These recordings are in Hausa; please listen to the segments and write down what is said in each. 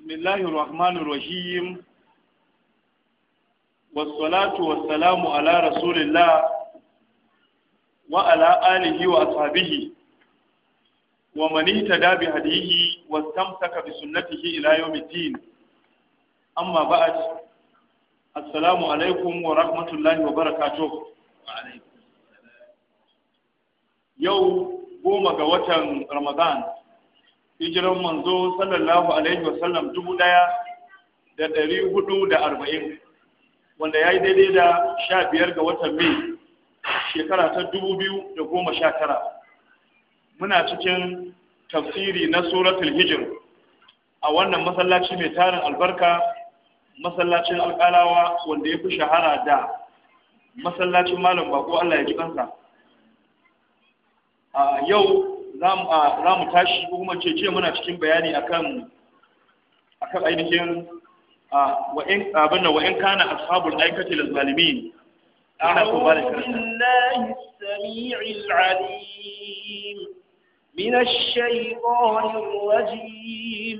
بسم الله الرحمن الرحيم والصلاة والسلام على رسول الله وعلى آله وأصحابه ومن اهتدى بهديه واستمسك بسنته إلى يوم الدين أما بعد السلام عليكم ورحمة الله وبركاته وعليكم السلام يوم قوم رمضان hijiran manzo sallallahu alaihi wasallam dubu ɗaya da ɗari hudu da arba'in wanda ya yi daidai da sha biyar ga watan mai shekara ta dubu biyu da goma sha tara muna cikin tafsiri na suratul hijir a wannan masallaci mai tarin albarka masallacin alƙalawa wanda ya fi shahara da masallacin malam bako allah ya ji kansa a yau za mu tashi ko kuma ce ce muna cikin bayani akan akan ainihin wa in abin wa in kana ashabul aikati lil zalimin ana ko bala karanta samii'il alim min ash-shaytanir rajim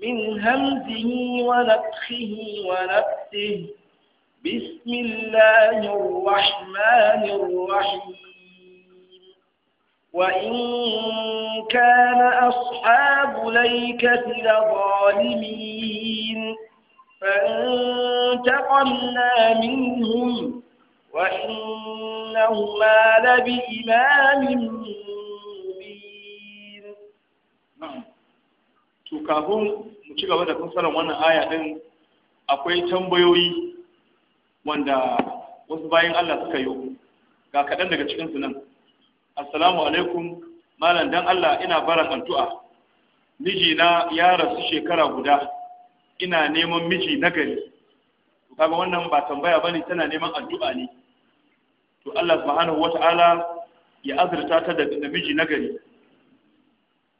min hamzihi wa nafthihi wa nafthihi بسم الله الرحمن الرحيم وإن كان أصحاب ليكة لظالمين فانتقمنا منهم وإنهما لبإمام مبين to kafin mu ci gaba da fassarar wannan aya din akwai tambayoyi wanda wasu bayan Allah suka yi ga kaɗan daga cikinsu nan assalamu alaikum malam dan Allah ina baran addu'a mijina ya rasu shekara guda ina neman miji nagari to kaga wannan ba tambaya ba ne tana neman addu'a ne to Allah subhanahu wata'ala ya azurta ta da miji nagari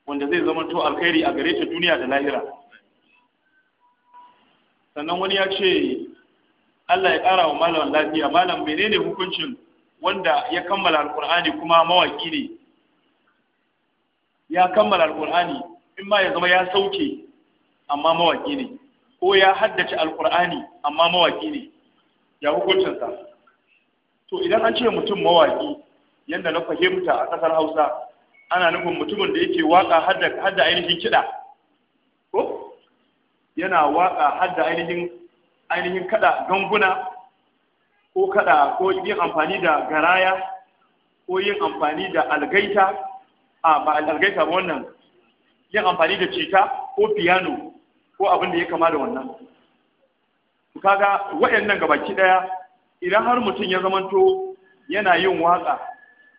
wanda zai zama to alkhairi a gare ta duniya da lahira sannan wani ya ce Allah ya ƙara wa malam lafiya malam menene hukuncin wanda ya kammala alkur'ani kuma mawaki ne ya kammala alkur'ani in ma ya zama ya sauke amma mawaki ne ko ya haddace alkur'ani amma mawaki ne ya hukuncinsa to idan an ce mutum mawaki yadda na fahimta a ƙasar hausa ana nufin mutumin da yake waka hadda ainihin kiɗa ko yana waka hadda ainihin ainihin kaɗa ganguna ko kada ko yin amfani da garaya ko yin amfani da algaita a ba algaita ba wannan yin amfani da cita ko piano ko abin da ya kama da wannan kaga waɗannan gabaki daya idan har mutum ya zamanto yana yin waƙa,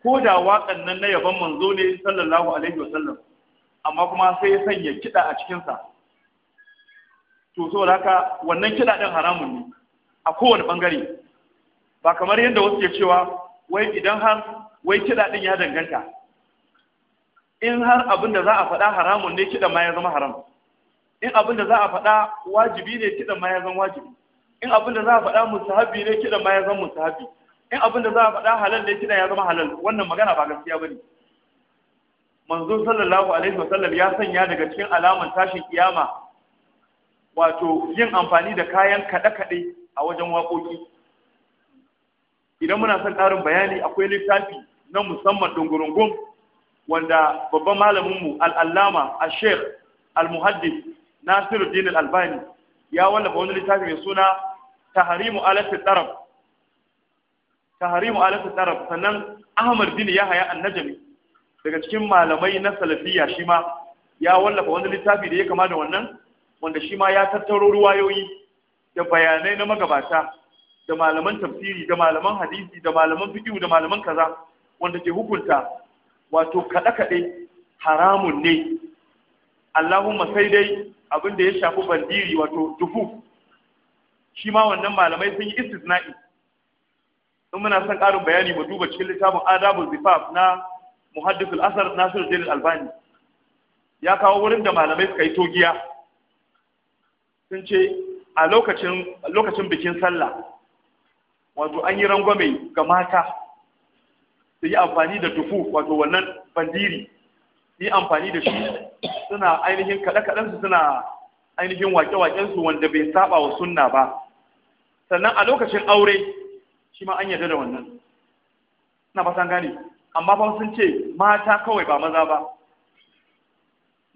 ko da wakan nan na yaban manzo ne sallallahu alaihi wasallam amma kuma sai ya sanya kiɗa a cikinsa to saboda haka wannan kiɗa ɗin haramun ne a kowane ɓangare ba kamar yadda wasu ke cewa wai idan har wai kiɗa ɗin ya danganta in har abin da za a faɗa haramun ne kiɗan ma ya zama haram in abin da za a faɗa wajibi ne kiɗan ma ya zama wajibi in abin da za a faɗa musahabi ne kiɗan ma ya zama musahabi in abin da za a faɗa halal ne kiɗan ya zama halal wannan magana ba gaskiya bane manzo sallallahu alaihi wasallam ya sanya daga cikin alaman tashin kiyama wato yin amfani da kayan kaɗe-kaɗe a wajen waƙoƙi idan muna son ƙarin bayani akwai littafi na musamman dungurungun wanda babban malaminmu al'allama a sheikh al-muhaddis nasiruddin al-albani ya wallafa wani littafi mai suna taharimu alatul tarab taharimu alatul tarab sannan ahmad haya yahaya annajami daga cikin malamai na salafiya shi ma ya wallafa wani littafi da ya kama da wannan wanda shi ma ya tattaro ruwayoyi da bayanai na magabata da malaman tafsiri da malaman hadisi da malaman fiqh da malaman kaza wanda ke hukunta wato kaɗe kaɗe haramun ne Allahumma sai dai abin da ya shafi bandiri wato dufu shi ma wannan malamai sun yi istisna'i in muna son karin bayani mu duba cikin littafin adabul zifaf na muhaddisul asar nasiru jalil albani ya kawo wurin da malamai suka yi togiya sun ce a lokacin bikin sallah wato an yi rangwame ga mata su yi amfani da tufu wato wannan bandiri yi amfani da shi suna ainihin kaɗe-kaɗensu suna ainihin waƙe-waƙensu wanda bai saba wa sunna ba sannan a lokacin aure shi ma an yarda da wannan na san gane amma ba sun ce mata kawai ba maza ba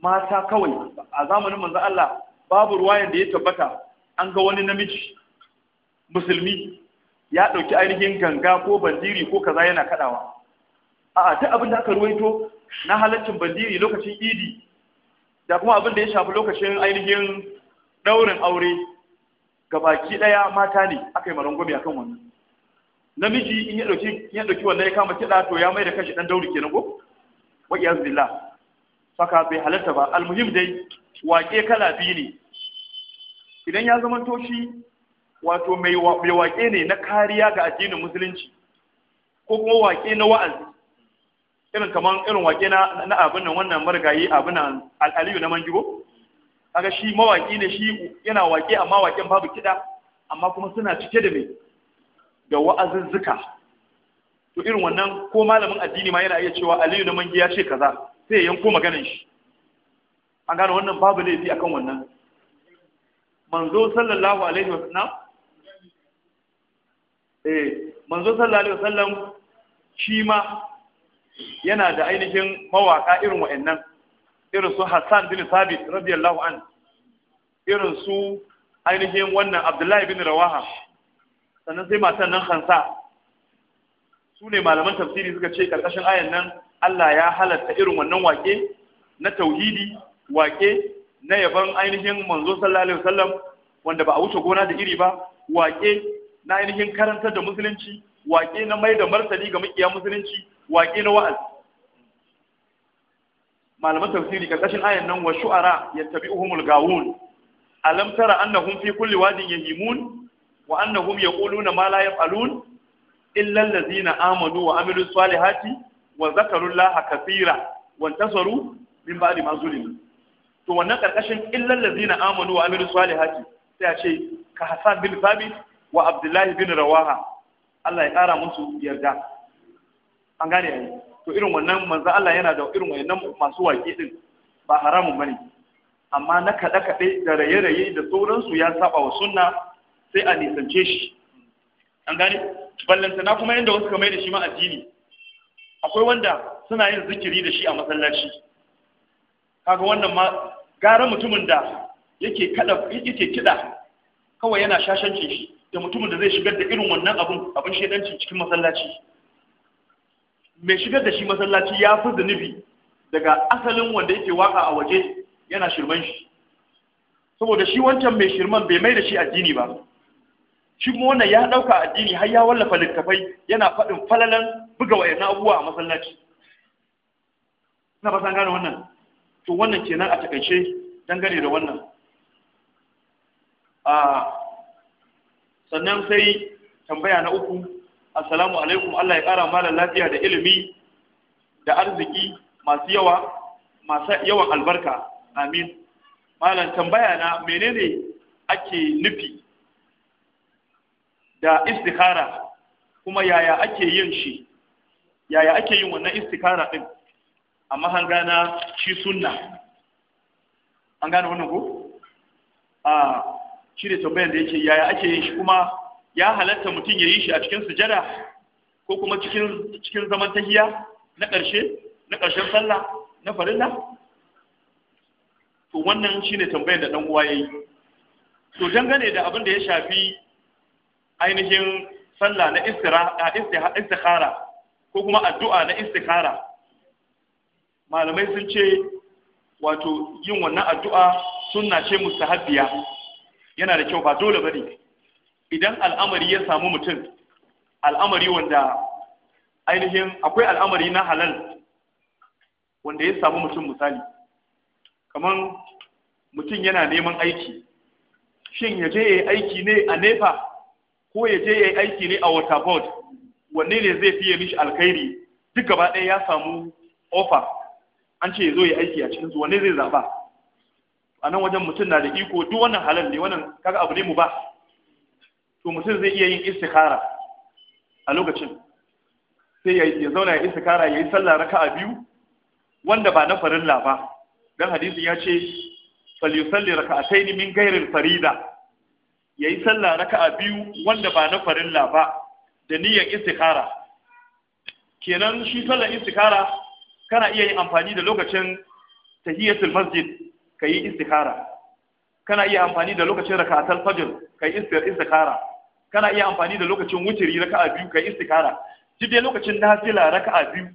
mata kawai a zamanin manzo Allah babu ruwayan da ya tabbata an ga wani namiji musulmi ya ɗauki ainihin ganga ko bandiri ko kaza yana kaɗawa a'a ta abin da aka ruwaito na halaccin bandiri lokacin idi da kuma abin da ya shafi lokacin ainihin ɗaurin aure ga baki ɗaya mata ne aka yi marangwami akan wannan namiji in ya ɗauki ya wannan ya kama kiɗa to ya mai da kashi ɗan dauri kenan ko wa iyaz saka bai halatta ba almuhim dai waƙe kala biyu ne idan ya zama to wato mai waƙe ne na kariya ga addinin musulunci ko kuma waƙe na wa'azi irin kamar irin waƙe na na abin nan wannan margayi abin nan al'aliyu na manjigo kaga shi mawaƙi ne shi yana waƙe amma waƙen babu kiɗa amma kuma suna cike da mai da wa'azuzzuka to irin wannan ko malamin addini ma yana iya cewa aliyu na mangi ya ce kaza sai ya yanko maganar shi an gano wannan babu laifi akan wannan manzo sallallahu alaihi wasallam eh manzo sallallahu alaihi wasallam shi ma yana da ainihin mawaka irin wa'annan irin su Hassan bin Sabit radiyallahu an irin su ainihin wannan Abdullahi bin Rawaha sannan sai matan nan Hansa su ne malaman tafsiri suka ce karkashin ayan nan Allah ya halatta irin wannan wake na tauhidi wake na yaban ainihin manzo sallallahu alaihi wasallam wanda ba a wuce gona da iri ba wake na ainihin karantar da musulunci waƙe na mai da martani ga makiya musulunci waƙe na wa'azi malaman tafsiri karkashin ayan nan wa shu'ara ya uhumul gawun alam tara annahum fi kulli wadin yahimun wa annahum yaquluna ma la yaf'alun illa allazina amanu wa amilu salihati wa llaha kaseera wa tasaru min ba'di ma zulimu to wannan karkashin illa allazina amanu wa amilu salihati sai a ce ka hasan bin thabit wa abdullahi bin rawaha Allah ya ƙara musu yarda an gane yayi to irin wannan manzo Allah yana da irin wannan masu waƙe din ba haramun bane amma na kaɗe kaɗe da raye-raye da sauransu ya saba wa sunna sai a nisance shi an gane na kuma yadda wasu kamar da shi ma addini akwai wanda suna yin zikiri da shi a masallaci kaga wannan ma gara mutumin da yake kada yake kida kawai yana shashancin shi da mutumin da zai shigar da irin wannan abin abin shedanci cikin masallaci mai shigar da shi masallaci ya fi zunubi daga asalin wanda yake waka a waje yana shirman shi saboda shi wancan mai shirman bai mai da shi addini ba shi kuma wannan ya dauka addini har ya wallafa littafai yana faɗin falalan buga wayannan abubuwa a masallaci ina ba san gane wannan to wannan kenan a takaice dangane da wannan a ah, sannan sai tambaya na uku assalamu alaikum Allah ya ƙara malam lafiya da ilimi da arziki masu yawa masu yawan albarka amin malam tambaya na menene ake nufi da istikhara kuma yaya ake yin shi yaya ake yin wannan istikhara din a mahanga gana shi sunna an gane wannan ko a ah, shine ne tambayar da yake yaya ake yin shi kuma ya halatta mutum ya yi shi a cikin sujada ko kuma cikin cikin zaman tahiya na ƙarshe na ƙarshen sallah na farilla to wannan shi ne tambayar da ɗan uwa ya yi to dangane da abin da ya shafi ainihin sallah na istikhara ko kuma addu'a na istikhara malamai sun ce wato yin wannan addu'a sunna ce mustahabbiya yana da kyau ba dole bane idan al'amari ya samu mutum al'amari wanda ainihin akwai al'amari na halal wanda ya samu mutum misali kamar mutum yana neman aiki shin ya je ya yi aiki ne a nefa ko ya je ya yi aiki ne a waterboard wanne ne zai fiye mishi alkhairi duk gaba ɗaya ya samu offer an ce ya zo ya aiki a cikin su wanne zai zaɓa a nan wajen mutum na da iko duk wannan halal ne wannan kaga abu ne mu ba to mutum zai iya yin istikhara a lokacin sai ya zauna ya istikhara ya yi sallah raka'a biyu wanda ba na farilla ba dan hadisin ya ce yusalli raka'ataini min ghairil farida yayi sallah raka'a biyu wanda ba na farilla ba da niyyar istikhara kenan shi sallar istikhara kana iya yin amfani da lokacin tahiyatul masjid ka yi istikhara kana iya amfani da lokacin rakatar fajr ka yi istikhara kana iya amfani da lokacin wutiri raka'a biyu ka yi istikhara duk dai lokacin nafila raka'a biyu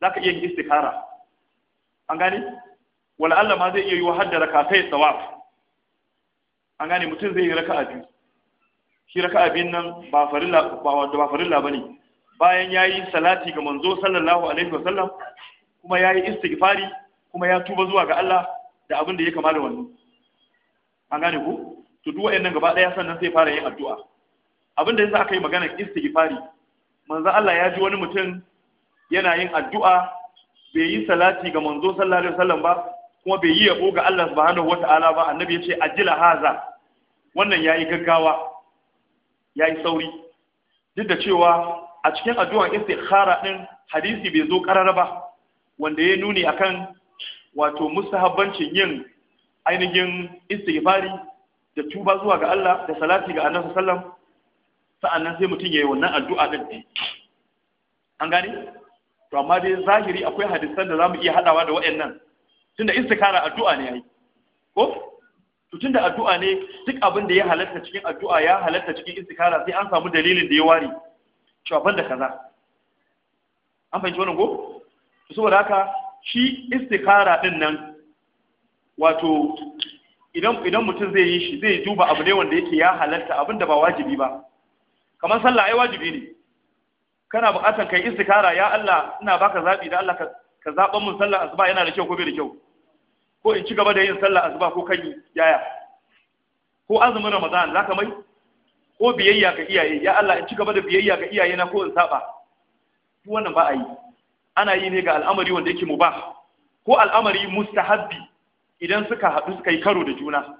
zaka iya yin istikhara an gane wala Allah ma zai iya yi wa hadda rakatai tsawaf an gane mutum zai yi raka'a biyu shi raka'a biyun nan ba farilla ba farilla bane bayan yayi salati ga manzo sallallahu alaihi wasallam kuma yayi istighfari kuma ya tuba zuwa ga Allah da abin da ya kama da wannan an gane ku to duk wayannan gaba daya sannan sai fara yin addu'a abin da yasa aka yi magana istighfari manzo Allah ya ji wani mutum yana yin addu'a bai yi salati ga manzo sallallahu alaihi wasallam ba kuma bai yi yabo ga Allah subhanahu wataala ba annabi ya ce ajila haza wannan yayi gaggawa yayi sauri duk da cewa a cikin addu'a istikhara din hadisi bai zo karara ba wanda ya nuni akan wato mustahabbancin yin ainihin istighfari da tuba zuwa ga Allah da salati ga Annabi sallam sa'annan sai mutum yayi wannan addu'a din an gane to amma dai zahiri akwai hadisan da zamu iya hadawa da wa'annan tunda istikara addu'a ne yayi ko to tunda addu'a ne duk abin da ya halatta cikin addu'a ya halatta cikin istikara sai an samu dalilin da ya ware cewa da kaza an fahimci wannan ko to saboda haka shi istikhara din nan wato idan idan mutum zai yi shi zai duba abu ne wanda yake ya halatta abinda ba wajibi ba kamar sallah ai wajibi ne kana buƙatar kai istikhara ya Allah ina baka zabi da Allah ka zaɓa mun sallah asuba yana da kyau ko bai da kyau ko in ci gaba da yin sallah asuba ko kan yaya ko azumin ramadan zaka mai ko biyayya ga iyaye ya Allah in ci gaba da biyayya ga iyaye na ko in saba duk wannan ba a yi ana yi ne ga al'amari wanda yake ba, ko al'amari mustahabbi idan suka haɗu suka yi karo da juna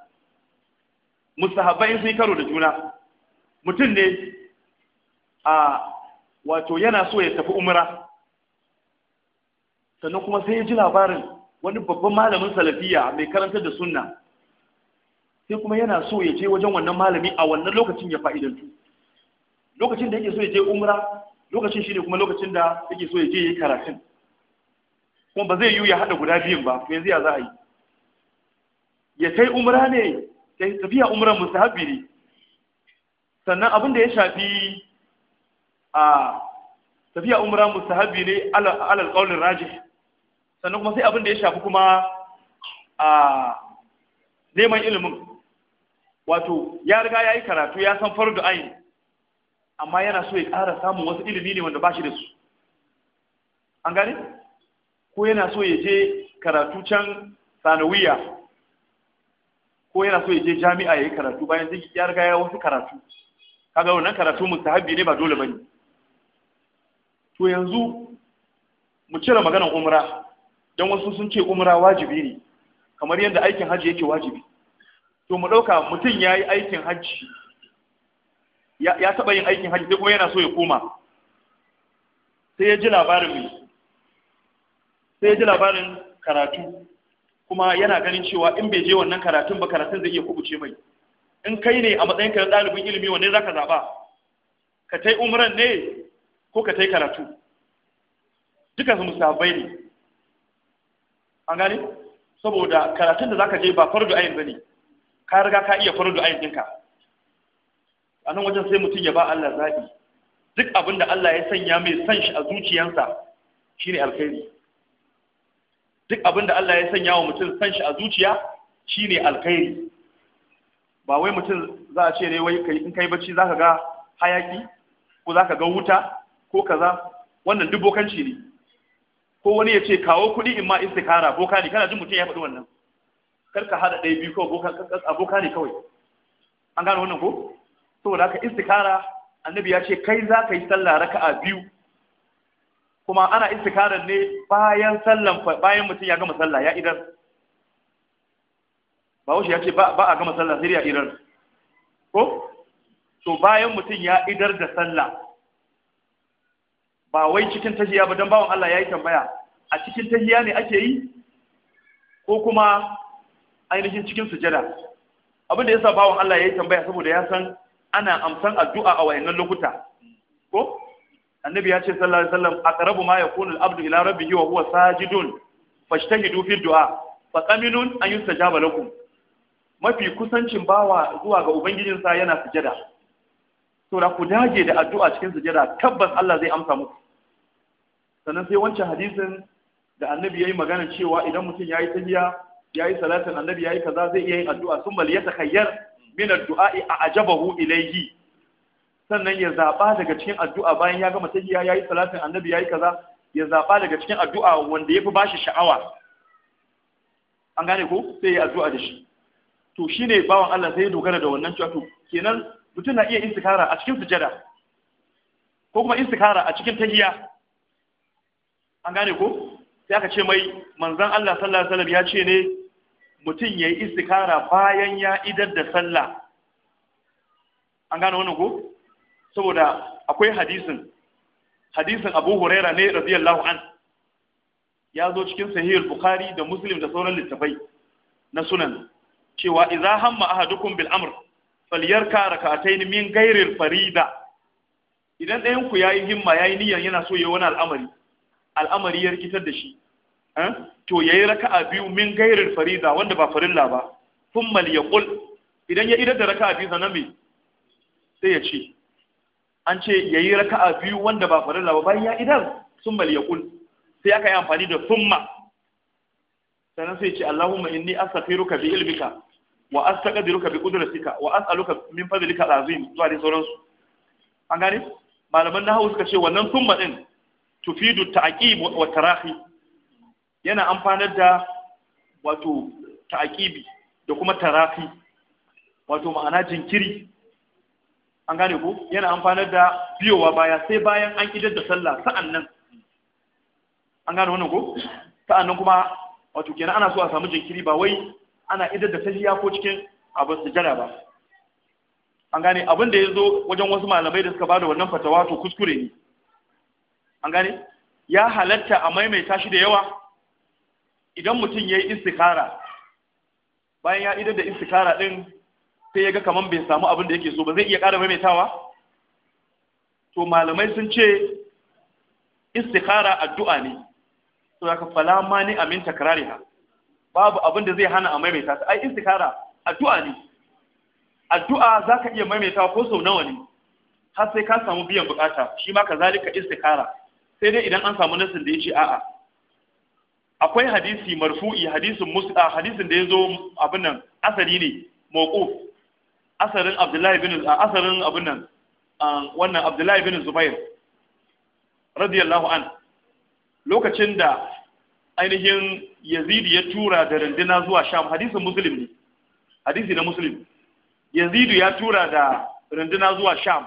mustahabbai sun yi karo da juna mutum ne a wato yana so ya tafi umra sannan kuma sai ya ji labarin wani babban malamin salafiya mai karantar da sunna sai kuma yana so ya je wajen wannan malami a wannan lokacin ya fa'idantu lokacin da yake so ya je umra lokacin shi ne kuma lokacin da yake so ya je yi karatun kuma ba zai yi ya haɗa guda biyun ba ko yanzu ya za a yi ya kai umra ne tafiya umran musa ne sannan abin da ya shafi a tafiya umra musa ne alal qaulin Raji. sannan kuma sai abin da ya shafi kuma a neman ilimin wato ya riga ya yi karatu ya san da ayin amma yana so ya ƙara samun wasu ilimi ne wanda ba shi da su an gane ko yana so ya je karatu can sanawiya ko yana so ya je jami'a ya yi karatu bayan zai ya riga ya wasu karatu kaga wannan karatu mustahabi ne ba dole bane to yanzu mu cire maganar umra don wasu sun ce umra wajibi ne kamar yadda aikin hajji yake wajibi to mu ɗauka mutum ya yi aikin hajji ya taɓa yin aikin hajji sai kuma yana so ya koma sai ya ji labarin mai sai ya ji labarin karatu kuma yana ganin cewa in bai je wannan karatun ba karatun zai iya kubuce mai in kai ne a matsayin ka ɗalibin ilimi wanne zaka zaɓa ka tai umran ne ko ka tai karatu duka su musabbai ne an gane saboda karatun da zaka je ba fardu ayin bane ka riga ka iya fardu ayin dinka a nan wajen sai mutum ya ba Allah zaɓi duk abin da Allah ya sanya mai san shi a zuciyarsa shine alkhairi duk abin da Allah ya sanya wa mutum san shi a zuciya shine alkhairi ba wai mutum za a ce ne wai in kai bacci ka ga hayaki ko za ka ga wuta ko kaza wannan duk bokanci ne ko wani ya ce kawo kuɗi in ma istikara boka ne kana jin mutum ya faɗi wannan kar ka haɗa ɗaya biyu kawai boka ne kawai an gane wannan ko saboda haka istikara annabi ya ce kai za ka yi sallah raka'a biyu kuma ana istikarar ne bayan sallan bayan mutum ya gama sallah ya idan ba ya ce ba a gama sallah sai ya idan ko to bayan mutum ya idar da sallah ba wai cikin tahiya ba don bawan Allah ya yi tambaya a cikin tahiya ne ake yi ko kuma ainihin cikin sujada abin da yasa bawan Allah ya yi tambaya saboda ya san ana amsan addu'a a wayannan lokuta ko annabi ya ce sallallahu alaihi wasallam aqrabu ma yakunu al-abdu ila rabbihi wa huwa sajidun fashtahidu fi du'a fa qaminun an yustajaba lakum mafi kusancin bawa zuwa ga ubangijinsa yana sujada To da ku dage da addu'a cikin sujada tabbas Allah zai amsa muku sannan sai wancan hadisin da annabi yayi magana cewa idan mutum yayi tahiyya yayi salatin annabi yayi kaza zai iya yin addu'a sun ya takayyar. min a a'jabahu ilayhi sannan ya zaba daga cikin addu'a bayan ya gama tahiyya yayi salatin annabi yayi kaza ya zaba daga cikin addu'a wanda yafi bashi sha'awa an gane ko sai ya addu'a da shi to shine bawan Allah sai ya dogara da wannan cewa to kenan mutum na iya istikara a cikin sujada ko kuma istikara a cikin tahiyya an gane ko sai aka ce mai manzon Allah sallallahu alaihi wasallam ya ce ne mutum ya yi istikara bayan ya idar da sallah an gane wani ku? saboda akwai hadisin hadisin abu huraira ne radiyallahu an ya zo cikin sahihul bukhari da muslim da sauran littafai na sunan cewa idza hamma ahadukum bil amr falyarka rak'atayn min gairin farida idan ɗayanku ku yayi himma yayi niyyar yana so yayi wani al'amari al'amari ya rikitar da shi Eh? to yayi raka'a biyu min gairin fariza wanda ba farilla ba thumma liyaqul idan ya idar da raka'a biyu sanan me sai ya ce an ce yayi raka'a biyu wanda ba farilla ba bayan ya idar thumma liyaqul sai aka yi amfani da thumma sanan sai ya ce Allahumma inni astaghfiruka bi ilmika wa astaghfiruka bi qudratika wa as'aluka min fadlika al'azim zuwa dai sauransu an gane malaman nahawu suka ce wannan thumma din tufidu ta'qib wa tarahi yana amfanar da wato ta'aqibi da kuma tarafi wato ma'ana jinkiri an gane ko yana amfanar da biyowa baya sai bayan an idar da sallah sa'annan an gane wannan ko sa'annan kuma wato kenan ana so a samu jinkiri ba wai ana idar da tahiyya ko cikin da sujada ba an gane abin da ya zo wajen wasu malamai da suka bada wannan fatawa to kuskure ne an gane ya halatta a maimaita shi da yawa idan mutum ya yi istikara bayan ya idar da istikara din sai ya ga kamar bai samu abin da yake so ba zai iya ƙara maimaitawa to malamai sun ce istikara addu'a ne to ya fala ma ni amin ha, babu abin da zai hana a maimaita ta ai istikara addu'a ne addu'a za ka iya maimaitawa ko sau nawa ne har sai ka samu biyan bukata shi ma ka zalika istikara sai dai idan an samu nasin da ya ce a'a akwai hadisi marfu'i hadisin musa hadisin da yazo abin nan asali ne mawquf asarin abdullahi bin asarin abin nan wannan abdullahi bin zubair radiyallahu an lokacin da ainihin yazid ya tura da rundina zuwa sham hadisin muslim ne hadisi na muslim yazid ya tura da rundina zuwa sham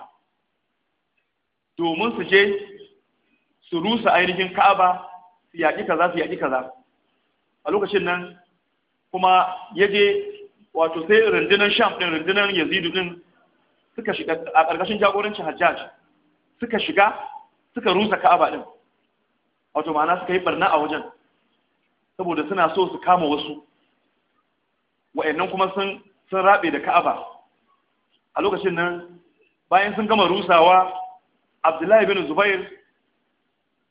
domin su je su rusa ainihin ka'aba su yaƙi kaza su yaƙi kaza a lokacin nan kuma ya je wato sai rundunar sham ɗin rundunar yazidu ɗin suka shiga a ƙarƙashin jagorancin hajjaj suka shiga suka rusa ka'aba ɗin wato ma'ana suka yi barna a wajen saboda suna so su kama wasu wa'annan kuma sun sun rabe da ka'aba a lokacin nan bayan sun gama rusawa abdullahi bin zubair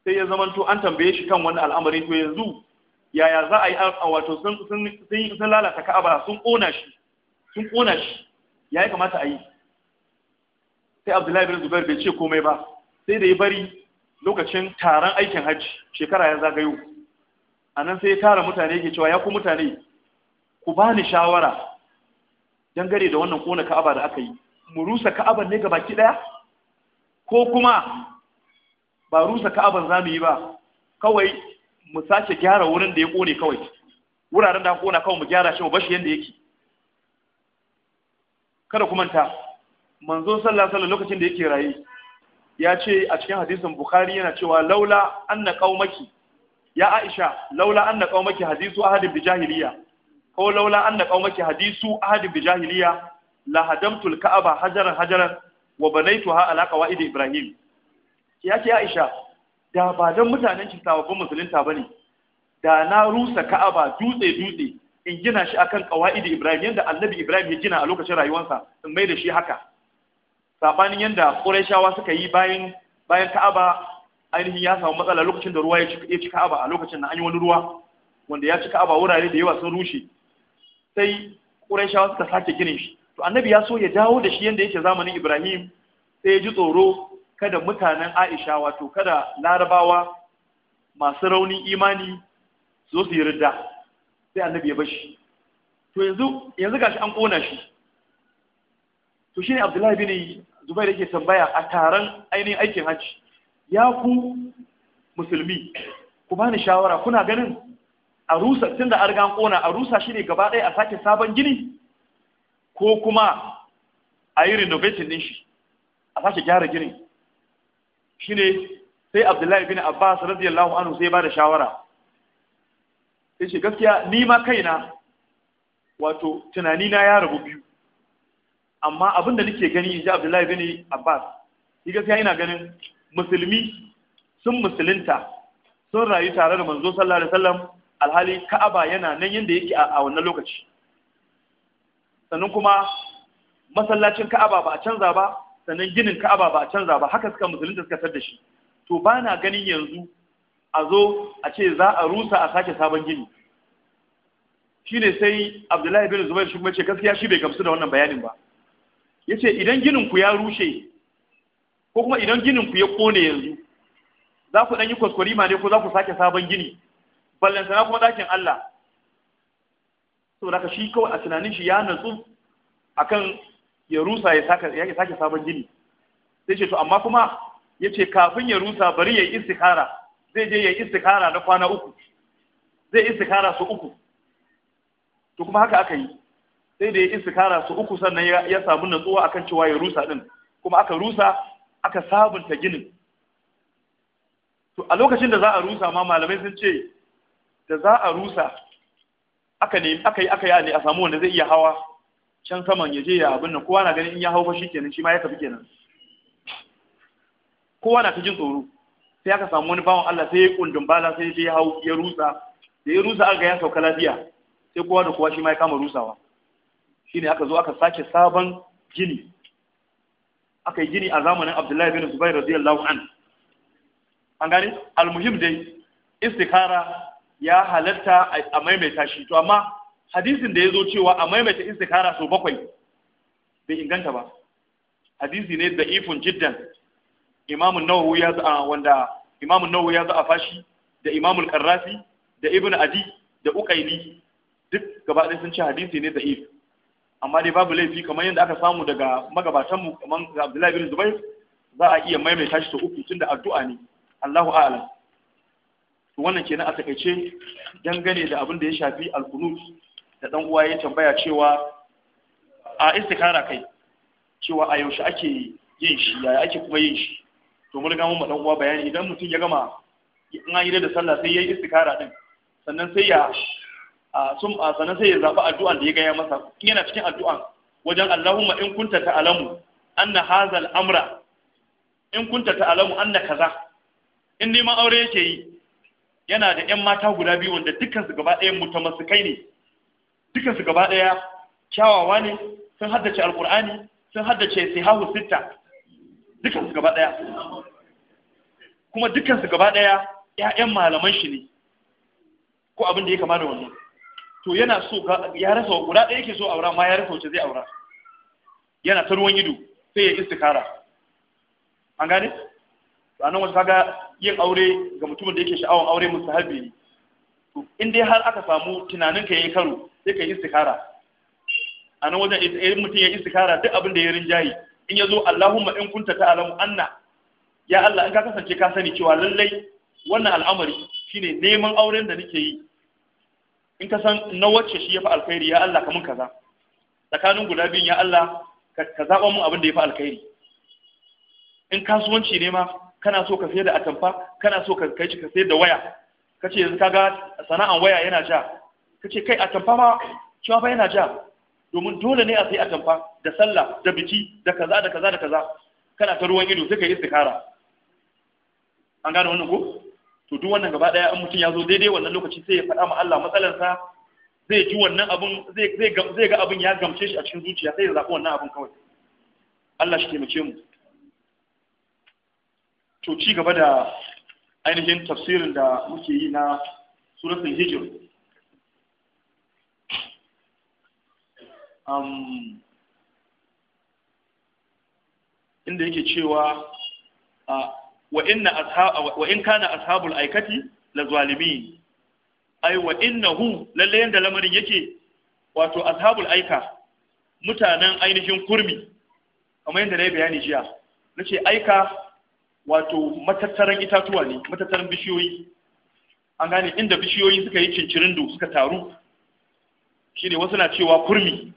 sai ya zama to an tambaye shi kan wani al'amari to yanzu yaya za a yi a wato sun lalata ka'aba sun kona shi sun kona shi yayi kamata a yi sai Abdullahi bin Zubair bai ce komai ba sai da ya bari lokacin taron aikin hajji shekara ya zagayo anan sai ya tara mutane yake cewa ya ku mutane ku ba ni shawara dangare da wannan kona ka'aba da aka yi mu rusa ne ne gabaki daya ko kuma ba rusa ka'aban za mu yi ba kawai mu sake gyara wurin da ya kone kawai wuraren da kona kawai mu gyara shi mu bashi yanda yake kada ku manta manzo sallallahu alaihi lokacin da yake raye ya ce a cikin hadisin bukhari yana cewa laula anna qaumaki ya aisha laula anna qaumaki hadisu ahad bi jahiliya ko laula anna qaumaki hadisu ahad bi jahiliya la hadamtul ka'aba hajaran hajaran wa banaytuha ala qawaid ibrahim ya ce Aisha da ba don mutanen ki sababbin musulunta ne da na rusa Ka'aba dutse dutse in gina shi akan qawaidi Ibrahim yanda Annabi Ibrahim ya gina a lokacin rayuwarsa in mai da shi haka sabanin yanda Qurayshawa suka yi bayan bayan Ka'aba ainihin ya samu matsala lokacin da ruwa ya ci Ka'aba a lokacin na an yi wani ruwa wanda ya ci Ka'aba wurare da yawa sun rushe sai Qurayshawa suka sake ginin shi to annabi ya so ya dawo da shi yanda yake zamanin Ibrahim sai ya ji tsoro kada mutanen Aisha wato kada larabawa masu raunin imani su su yi ridda sai annabi ya bashi to yanzu yanzu gashi an kona shi to shine Abdullahi bin Zubair yake tambaya a taron ainihin aikin hajji ya ku musulmi ku bani shawara kuna ganin a rusa tunda an riga an kona a rusa shine gaba ɗaya a sake sabon gini ko kuma a yi renovating din shi a sake gyara ginin shine sai abdullahi bin abbas radiyallahu anhu sai ba da shawara sai ce gaskiya ni ma kaina wato tunani na ya rabu biyu amma abin da nake gani inji abdullahi bin abbas shi gaskiya ina ganin musulmi sun musulunta sun rayu tare da manzo sallallahu alaihi wasallam alhali ka'aba yana nan yanda yake a wannan lokaci sannan kuma masallacin ka'aba ba a canza ba sannan ginin ka'aba ba a canza ba haka suka musulunta suka tar da shi to ba na ganin yanzu a zo a ce za a rusa a sake sabon gini Shi ne sai abdullahi bin zubair shi kuma ce gaskiya shi bai gamsu da wannan bayanin ba ya ce idan ginin ku ya rushe ko kuma idan ginin ku ya kone yanzu za ku ɗan yi ma ne ko za ku sake sabon gini ballantana kuma dakin Allah saboda ka shi kawai a tunanin shi ya natsu akan ya rusa ya sake sabon gini sai ce to amma kuma ya ce kafin ya rusa bari ya yi istikara zai je ya yi istikara na kwana uku zai istikara su uku to kuma haka aka yi sai da ya istikara su uku sannan ya samu natsuwa akan cewa ya rusa din kuma aka rusa aka sabunta ginin to a lokacin da za a rusa ma malamai sun ce da za a rusa aka ne aka yi aka yi a samu wanda zai iya hawa can saman ya je ya abin nan kowa na ganin in ya hau fashi kenan shi ma ya tafi kenan kowa na ta jin tsoro sai aka samu wani bawan Allah sai ya kundin bala sai ya je ya hau ya rusa da ya rusa aka ya sauka lafiya sai kowa da kowa shi ma ya kama rusawa shine aka zo aka sake sabon gini aka yi gini a zamanin Abdullahi bin Zubair radiyallahu an an gani almuhim dai istikara ya halatta a maimaita shi to amma hadisin da ya zo cewa a maimaita istikara sau bakwai bai inganta ba hadisi ne da ifun jiddan imamun nawawi ya za wanda imamun nawawi ya za a fashi da imamul karrafi da ibn adi da Ukaini. duk gaba sun ce hadisi ne da if amma dai babu laifi kamar yadda aka samu daga magabatanmu kamar ga abdullahi bin zubair za a iya maimaita shi sau uku tunda addu'a ne allahu a'lam to wannan kenan a takaice dangane da abin da ya shafi alkunut da dan uwa ya tambaya cewa a istikara kai cewa a yaushe ake yin shi yaya ake kuma yin shi to mun ga mun dan uwa bayani idan mutum ya gama in an yi da sallah sai yayi istikara din sannan sai ya a sun a sannan sai ya zaɓi addu'an da ya gaya masa in yana cikin addu'an wajen Allahumma in kunta ta'lamu anna hazal amra in kunta ta'lamu anna kaza in neman aure yake yi yana da ƴan mata guda biyu wanda dukkan su gaba ɗayan kai ne Dukkan su gaba daya kyawawa ne sun haddace alkur'ani sun haddace sihahu sitta Dukkan su gaba daya kuma dukkan su gaba daya 'ya'yan malaman shi ne ko abin da ya kama da wannan to yana so ya rasa guda ɗaya yake so aura ma ya rasa wace zai aura yana ta ruwan ido sai ya istikara an gane to nan wasu kaga yin aure ga mutumin da yake sha'awan aure musu habi ne in dai har aka samu tunanin ka yayi karo sai ka yi istikara a nan wajen idan mutum ya yi istikara duk abin da ya rinjayi in ya zo Allahumma in kunta ta'lamu anna ya Allah in ka kasance ka sani cewa lallai wannan al'amari shine neman auren da nake yi in ka san na wacce shi ya fi alkhairi ya Allah kamun kaza tsakanin guda biyun ya Allah ka zaɓa mun abin da ya fi alkhairi in kasuwanci ne ma kana so ka sayar da atamfa kana so ka kai ka sayar da waya kace yanzu kaga sana'an waya yana ja kace kai a tamfa ma cewa fa yana ja domin dole ne a sai a tamfa da sallah da biki da kaza da kaza da kaza kana ta ruwan ido sai ka yi istikara an gane wannan ko to duk wannan gaba daya in mutum ya zo daidai wannan lokaci sai ya faɗa ma Allah matsalarsa zai ji wannan abun zai zai ga abun ya gamce shi a cikin zuciya sai ya zaɓi wannan abun kawai Allah shi taimake mu to ci gaba da ainihin tafsirin da muke yi na suratun hijir um, inda yake cewa wa wa in kana ashabul aikati la zalimi ai wa innahu lalle yanda lamarin yake wato ashabul aika mutanen ainihin kurmi kamar yadda na yi bayani jiya nace aika wato matattaran itatuwa ne matattaran bishiyoyi an gane inda bishiyoyi suka yi cincirindo suka taru Shi ne wasu na cewa kurmi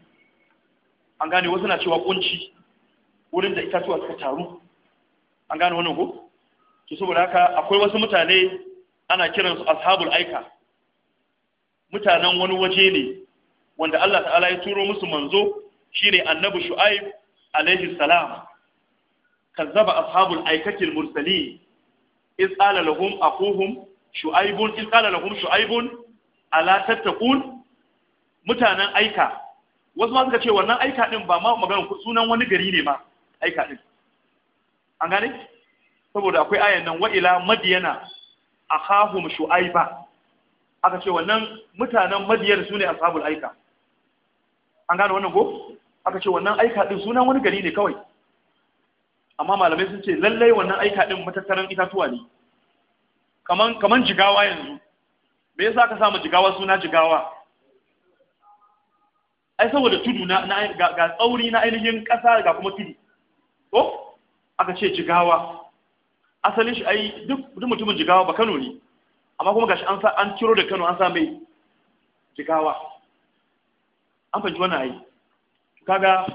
an gane wasu na cewa kunci wurin da itatuwa suka taru an gane wannan ko to saboda haka akwai wasu mutane ana kiransu ashabul aika mutanen wani waje ne wanda Allah ta'ala ya turo musu manzo shine annabi shu'aib alaihi salam كذب ashabul aikatil المرسلين iz قال لهم akuhum شعيب iz قال لهم شعيب ala تتقون mutanen aika wasu masu suka ce wannan aika din ba ma magana sunan wani gari ne ma aika din an gane saboda akwai ayan nan wa ila madyana akhahum shu'aiba aka ce wannan mutanen madiyar su ne ashabul aika an gane wannan ko aka ce wannan aika din sunan wani gari ne kawai amma malamai sun ce lallai wannan aika din matattaran itatuwa ne kaman kaman jigawa yanzu me yasa ka samu jigawa suna jigawa ai saboda tudu na, na ga, ga tsauri na ainihin ƙasa ga kuma tudu ko aka ce jigawa asalin shi ai duk duk mutumin jigawa ba Kano ne amma kuma gashi an sa an kiro da Kano an sa mai jigawa an fahimci wannan ai kaga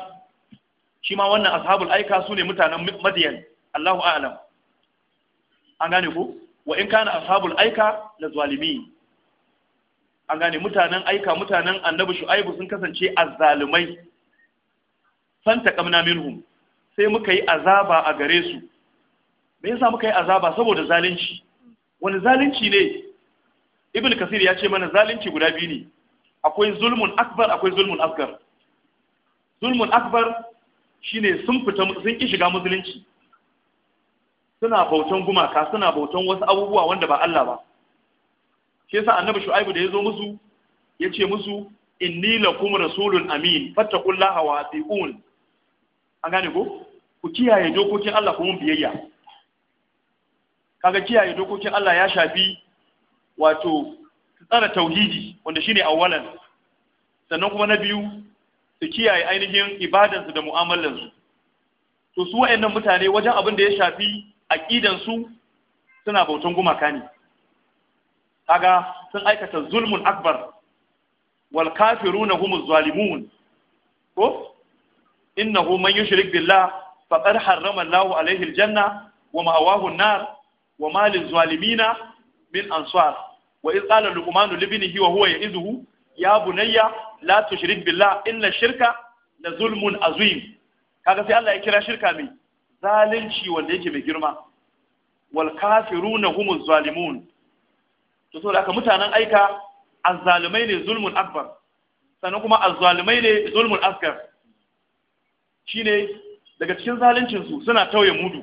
shi ma wannan ashabul aika su ne mutanen madiyan Allahu a'lam an gane ku wa in kana ashabul aika la zalimi an gane mutanen aika mutanen annabi shu'aibu sun kasance azzalumai fanta kamna minhum sai muka yi azaba a gare su me yasa muka yi azaba saboda zalunci wani zalunci ne ibn kasir ya ce mana zalunci guda biyu ne akwai zulmun akbar akwai zulmun asgar zulmun akbar shine sun fita sun ki shiga musulunci suna bautan gumaka suna bautan wasu abubuwa wanda ba Allah ba shi yasa annabi shu'aibu da yazo musu yace musu inni lakum rasulun amin fattaqullaha wa atiqun an gane ko ku kiyaye dokokin Allah ku mun biyayya kaga kiyaye dokokin Allah ya shafi wato tsara tauhidi wanda shine awwalan sannan kuma na biyu su kiyaye ainihin ibadansu da mu'amalansu to su wa'annan mutane wajen abin da ya shafi aƙidansu suna bautan gumaka ne kaga sun aikata zulmun akbar wal kafiruna hum zalimun ko innahu man yushrik billah faqad harrama Allahu alayhi aljanna wa ma'awahu an-nar wa ma lil zalimina min ansar wa idh qala luqman li ibnihi wa huwa ya'iduhu ya bunayya la tushrik billah inna shirka la zulmun azim kaga sai Allah ya kira shirka mai zalunci wanda yake mai girma wal kafiruna humuz zalimun to saboda haka mutanen aika azzalumai ne zulmun akbar sannan kuma azzalumai ne zulmun askar shine daga cikin zaluncin su suna tauye mudu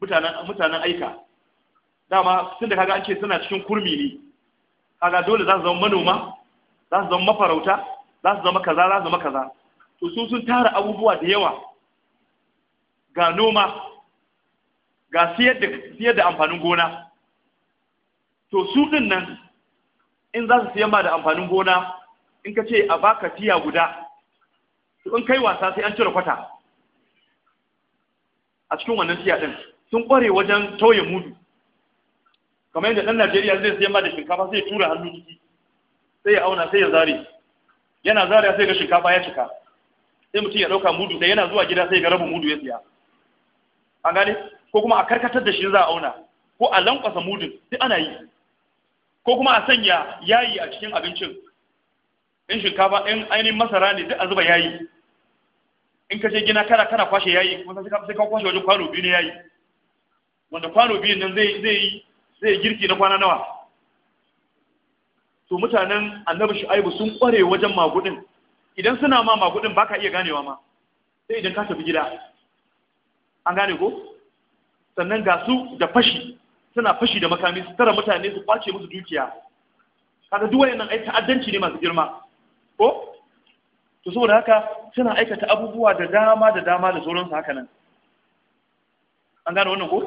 mutanen mutanen aika dama tunda kaga an ce suna cikin kurmi ne kaga dole za su zama manoma za su zama mafarauta za su zama kaza za su zama kaza to su sun tara abubuwa da yawa ga noma ga siyar da amfanin gona to su din nan in za su siyan ma da amfanin gona in ka ce a baka tiya guda to in kai wasa sai an cire kwata a cikin wannan tiya din sun kware wajen tauye mudu kamar yadda ɗan Najeriya zai sayan ma da shinkafa sai ya tura hannu ciki sai ya auna sai ya zare yana zare sai ga shinkafa ya cika sai mutum ya ɗauka mudu sai yana zuwa gida sai ga rabin mudu ya siya an gane ko kuma a karkatar da shi za a auna ko a lankwasa mudun sai ana yi ko kuma a sanya yayi a cikin abincin in shinkafa in ainihin masara ne duk a zuba yayi in ka je gina kana kana kwashe yayi kuma sai ka kwashe wajen kwano biyu ne yayi wanda kwano biyu nan zai yi Zai girki na kwana nawa to mutanen annabi shu'aibu sun kware wajen magudin idan suna ma magudin baka iya ganewa ma sai idan ka tafi gida an gane ko sannan ga su da fashi suna fashi da makami su tara mutane su kwace musu dukiya kaga duk wayannan ai ta'addanci ne masu girma ko to saboda haka suna aikata abubuwa da dama da dama da sauransu haka nan an gane wannan ko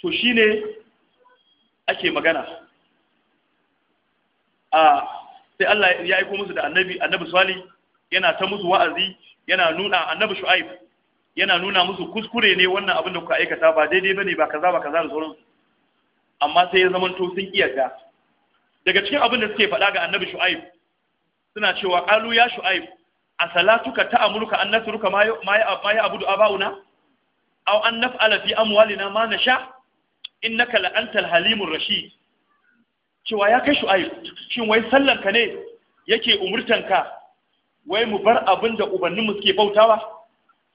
to shine ake magana a sai Allah ya aiko musu da annabi annabi salih yana ta musu wa'azi yana nuna annabi shu'aib yana nuna musu kuskure ne wannan abin da kuka aikata ba daidai bane ba kaza ba kaza da sauransu amma sai ya zamanto sun iyaka daga cikin abin da suke faɗa ga annabi shu'aib suna cewa qalu ya shu'aib a salatuka ta'amuruka an nasruka ma ya abudu abauna aw an naf'ala fi amwalina ma nasha' innaka la antal halimur rashid cewa ya kai shu'aib shin wai sallanka ne yake umurtanka wai mu bar abin da ubanninmu suke bautawa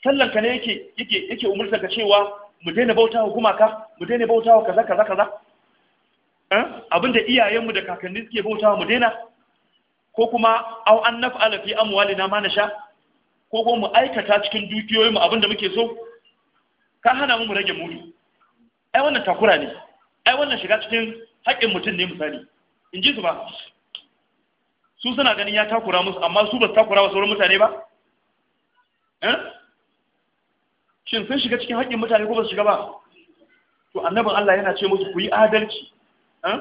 sallanka ne yake yake yake umurtanka cewa mu daina bautawa gumaka mu daina bautawa kaza kaza kaza eh abin da iyayenmu da kakanni suke bautawa mu daina ko kuma aw an naf'ala fi amwalina ma nasha ko kuma mu aikata cikin dukiyoyinmu abin da muke so ka hana mu mu rage muni ai wannan takura ne ai wannan shiga cikin haƙƙin mutum ne misali in ji su ba su suna ganin ya takura musu amma su ba su takura wa sauran mutane ba eh? shin sun shiga cikin haƙƙin mutane ko ba su shiga ba to annabin Allah yana ce musu ku yi adalci eh?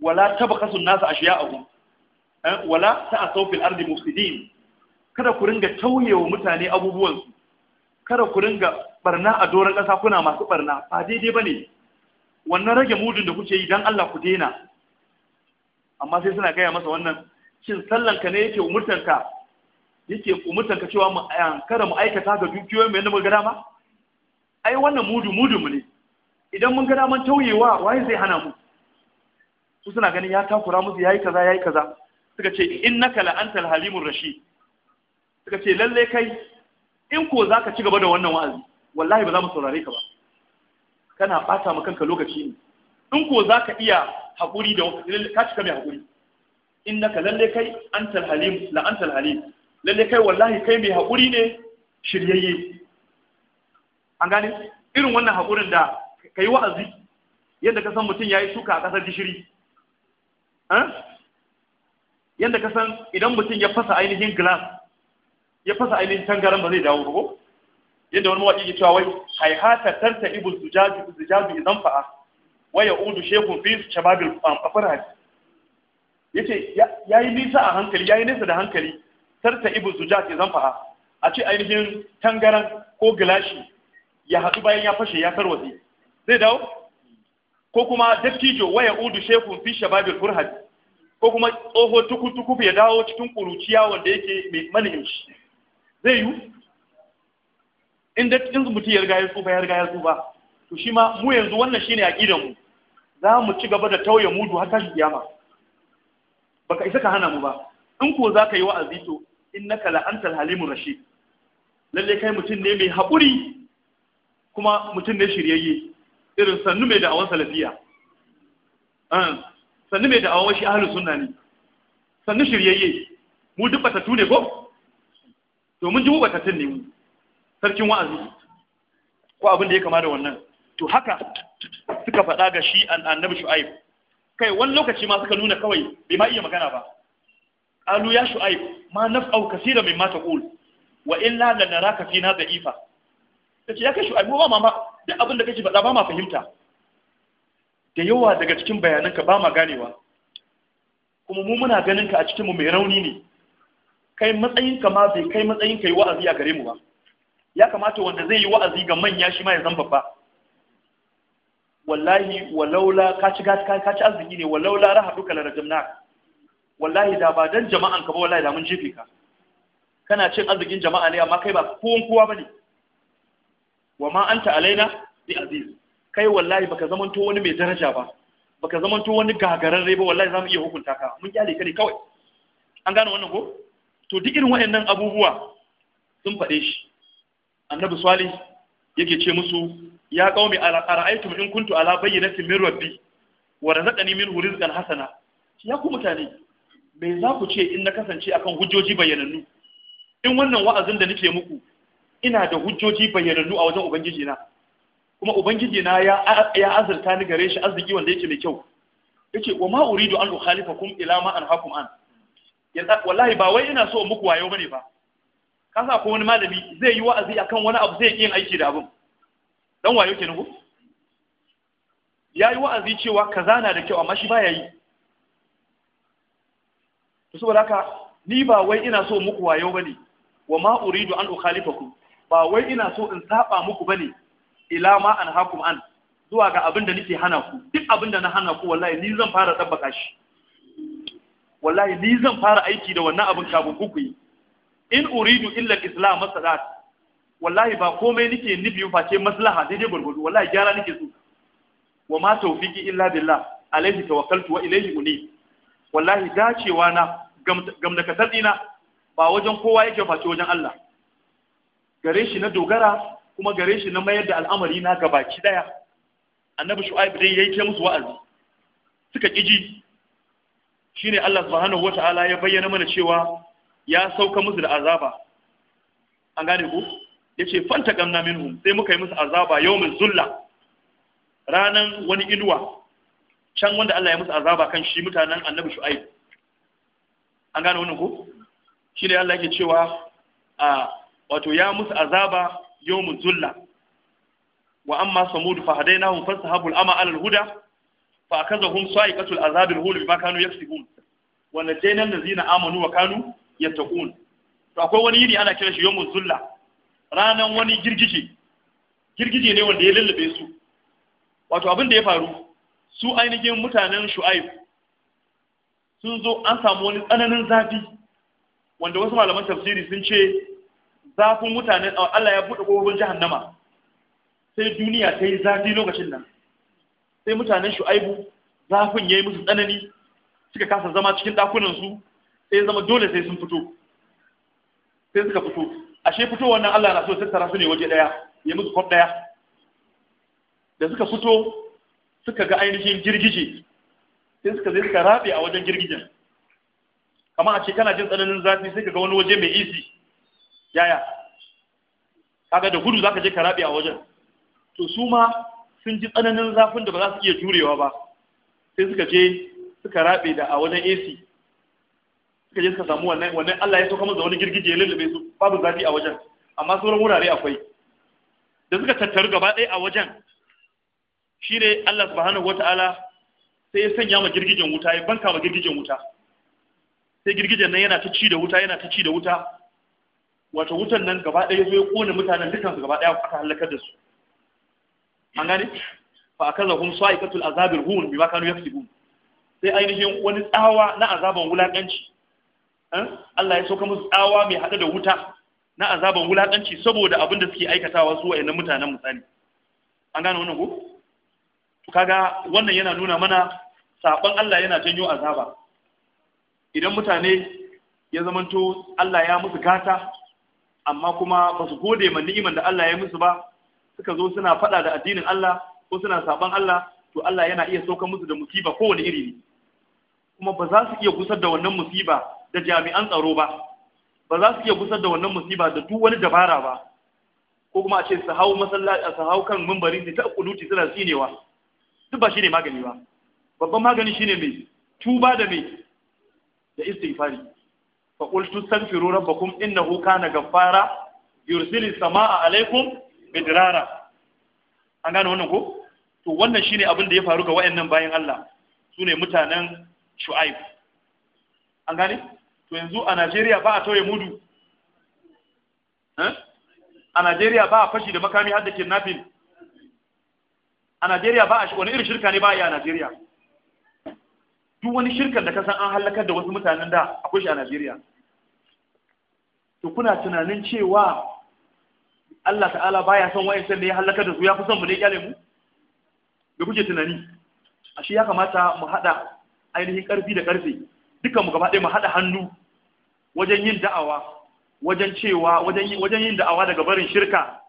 wala a nasu abu wala a saufin ardi mufsidin kada ku ringa wa mutane abubuwansu, kada ku ringa barna a doron ƙasa kuna masu barna ba daidai ba ne wannan rage mudun da kuke yi don Allah ku daina amma sai suna gaya masa wannan shin sallanka ne yake umurtanka yake umurtanka cewa mu kada mu aikata ga dukiyoyin mai nama gada ma ai wannan mudu mudu mu ne idan mun gada man tauyewa waye zai hana mu su suna ganin ya takura musu yayi kaza yayi kaza suka ce innaka la antal halimur rashid suka ce lalle kai in ko zaka ci gaba da wannan wa'azi wallahi ba za mu saurare ka ba kana bata ma kanka lokaci ne in ko za ka iya haƙuri da ka cika mai haƙuri innaka lalle kai antal halim la antal halim lalle kai wallahi kai mai haƙuri ne shiryayye an gane irin wannan haƙurin da kai wa'azi yadda ka san mutum yayi shuka a ƙasar gishiri yadda ka san idan mutum ya fasa ainihin glass ya fasa ainihin tangaran ba zai dawo ba ko yadda wani mawaƙi cewa wai hata tarta ibul zujaji zujaji idan fa'a waya udu shekun fi shababil um, afraj yace yayi nisa a hankali yayi nisa da hankali tarta ibul zujaji idan fa'a a ce ainihin tangaran ko gilashi ya haɗu bayan ya fashe ya tarwatsi zai dawo ko kuma dattijo waya udu shekun fi shababil furhad ko kuma tsoho tukutuku ya dawo cikin kuruciya wanda yake mai manihin shi zai yi in da in mutum ya riga ya tsufa ya riga ya tsufa to shi ma mu yanzu wannan shine aqidar mu za mu ci gaba da tauye mudu har tashi kiyama baka isa ka hana mu ba in ko za ka yi wa'azi to innaka la antal halimur rashid lalle kai mutum ne mai haƙuri kuma mutum ne shiryayye irin sannu mai da'awar salafiya sannu mai da'awar shi ahlus sunna ne sannu shiryayye mu duk batatu ne ko to mun ji mu batattun ne mu sarkin wa'azi ko abin da ya kama da wannan to haka suka faɗa ga shi annabi shu'aib kai wani lokaci ma suka nuna kawai bai ma iya magana ba alu ya shu'aib ma naf'au kaseera mata taqul wa illa lanaraka fina da'ifa tace ya kai shu'aib ba ma duk abin da kake faɗa ba ma fahimta da yawa daga cikin bayananka ba ma ganewa kuma mu muna ganin ka a cikin mu mai rauni ne kai matsayinka ma bai kai matsayin kai wa'azi a gare mu ba ya kamata wanda zai yi wa'azi ga manya shi ma ya zan babba wallahi walaula ka ci ka ci arziki ne walaula rahaduka la rajamna wallahi da ba dan jama'an ka ba wallahi da mun jefe ka kana cin arzikin jama'a ne amma kai ba kowan kowa bane wa ma anta alaina bi aziz kai wallahi baka to wani mai daraja ba baka to wani gagararre ba wallahi zamu iya hukunta ka mun kyale ka ne kawai an gane wannan ko to duk irin waɗannan abubuwa sun faɗe shi annabi salih yake ce musu ya qaumi ara'aytum in kuntu ala bayyinatin min rabbi wa razaqani min rizqan hasana ya ku mutane me za ku ce in na kasance akan hujjoji bayyanannu in wannan wa'azin da nake muku ina da hujjoji bayyanannu a wajen ubangiji na kuma ubangiji na ya ya azurta ni gare shi arziki wanda yake mai kyau yace wa ma uridu an ukhalifakum ila ma anhaakum an wallahi ba wai ina so muku wayo bane ba ka sa ko wani malami zai yi wa'azi akan wani abu zai yin aiki da abin dan wayo kenan Ya yayi wa'azi cewa kaza na da kyau amma shi baya yi to saboda haka ni ba wai ina so muku wayo bane wa ma uridu an ukhalifakum ba wai ina so in saba muku bane ila ma an hakum an zuwa ga abin da nake hana ku duk abin da na hana ku wallahi ni zan fara tabbaka shi wallahi ni zan fara aiki da wannan abin kafin ku ku yi in uridu illa islam masalat wallahi ba komai nake nufi face maslaha daidai gurgudu wallahi gyara nike so wa ma tawfiqi illa billah alaihi tawakkaltu wa ilaihi uni wallahi dacewa na gamdakatar dina ba wajen kowa yake face wajen Allah gare shi na dogara kuma gare shi na mayar da al'amari na gabaki daya annabi shu'aib dai yayi ta musu wa'azi suka kiji shine Allah subhanahu wata'ala ya bayyana mana cewa ya sauka musu da azaba an gane ku yace fanta gamna minhum sai muka yi musu azaba yawmin zulla ranan wani inuwa can wanda Allah ya musu azaba kan shi mutanen annabi shu'aib an gane wannan ku shi ne Allah yake cewa a wato ya musu azaba yawmin zulla wa amma samud fa hadainahum fastahabul ama ala huda fa akazahum sa'iqatul azabil hul bima kanu yaksibun wa najayna allazina amanu wa kanu yattaqun to akwai wani yiri ana kiran shi yawmuz zulla ranan wani girgije girgije ne wanda ya lullube su wato abin da ya faru su ainihin mutanen shu'aib sun zo an samu wani tsananin zafi wanda wasu malaman tafsiri sun ce zafin mutanen Allah ya buɗe kofofin jahannama sai duniya ta yi zafi lokacin nan sai mutanen shu'aibu zafin ya yi musu tsanani suka kasa zama cikin ɗakunansu sai zama dole sai sun fito sai suka fito ashe fito wannan Allah na so tattara su ne waje daya ya musu kwab daya da suka fito suka ga ainihin girgije sai suka zai suka rabe a wajen girgijen kamar a ce kana jin tsananin zafi sai ka ga wani waje mai isi yaya kaga da gudu zaka je ka rabe a wajen to su ma sun ji tsananin zafin da ba za su iya jurewa ba sai suka je suka rabe da a wajen AC suka je suka samu wannan wannan Allah ya sauka da wani girgije ya lullube su babu zafi a wajen amma sauran wurare akwai da suka tattaru gaba ɗaya a wajen shi ne Allah subhanahu wata'ala sai ya sanya ma girgijen wuta ya banka ma girgijen wuta sai girgijen nan yana ta ci da wuta yana ta ci da wuta wato wutan nan gaba ɗaya zai ya kone mutanen dukansu gaba ɗaya aka halakar da su an gane fa a sa'iqatul azabil hun bima kanu yaksubun sai ainihin wani tsawa na azaban wulakanci Eh? Allah ya sauka musu tsawa mai haɗe da wuta na azaban wulaƙanci saboda abin da suke aikatawa su wa'annan mutanen misali an gane wannan ku? kaga wannan yana nuna mana saban Allah yana janyo azaba idan mutane ya zamanto Allah ya musu gata amma kuma ba su gode ma ni'iman da Allah ya musu ba suka zo suna faɗa da addinin Allah ko suna saban Allah to Allah yana iya sauka musu da musiba kowane iri ne kuma ba za su iya gusar da wannan musiba da jami'an tsaro ba ba za su iya gusar da wannan musiba da duk wani dabara ba ko kuma a ce su hau masallaci su hau kan mimbari su ta kuduti suna sinewa duk ba shine magani ba babban magani shine mai tuba da mai da istighfari fa qultu astaghfiru rabbakum innahu kana ghaffara yursilis samaa alaikum bidrara an gane wannan ko to wannan shine abin da ya faru ga wayannan bayan Allah sune mutanen Shu'aib an gane to yanzu a Najeriya ba a tauye mudu eh? a Najeriya ba a fashi da makami har da kidnapping a Najeriya ba a wani irin shirka ne ba a Najeriya duk wani shirkan da kasan an halakar da wasu mutanen da akwai shi a Najeriya to kuna tunanin cewa Allah ta'ala baya son wa'ancan da ya halakar da su ya fi son mu ne kyale mu da kuke tunani ashe ya kamata mu hada ainihin karfi da karfe dukan mu gaba ɗaya mu haɗa hannu wajen yin da'awa wajen cewa wajen yin da'awa daga barin shirka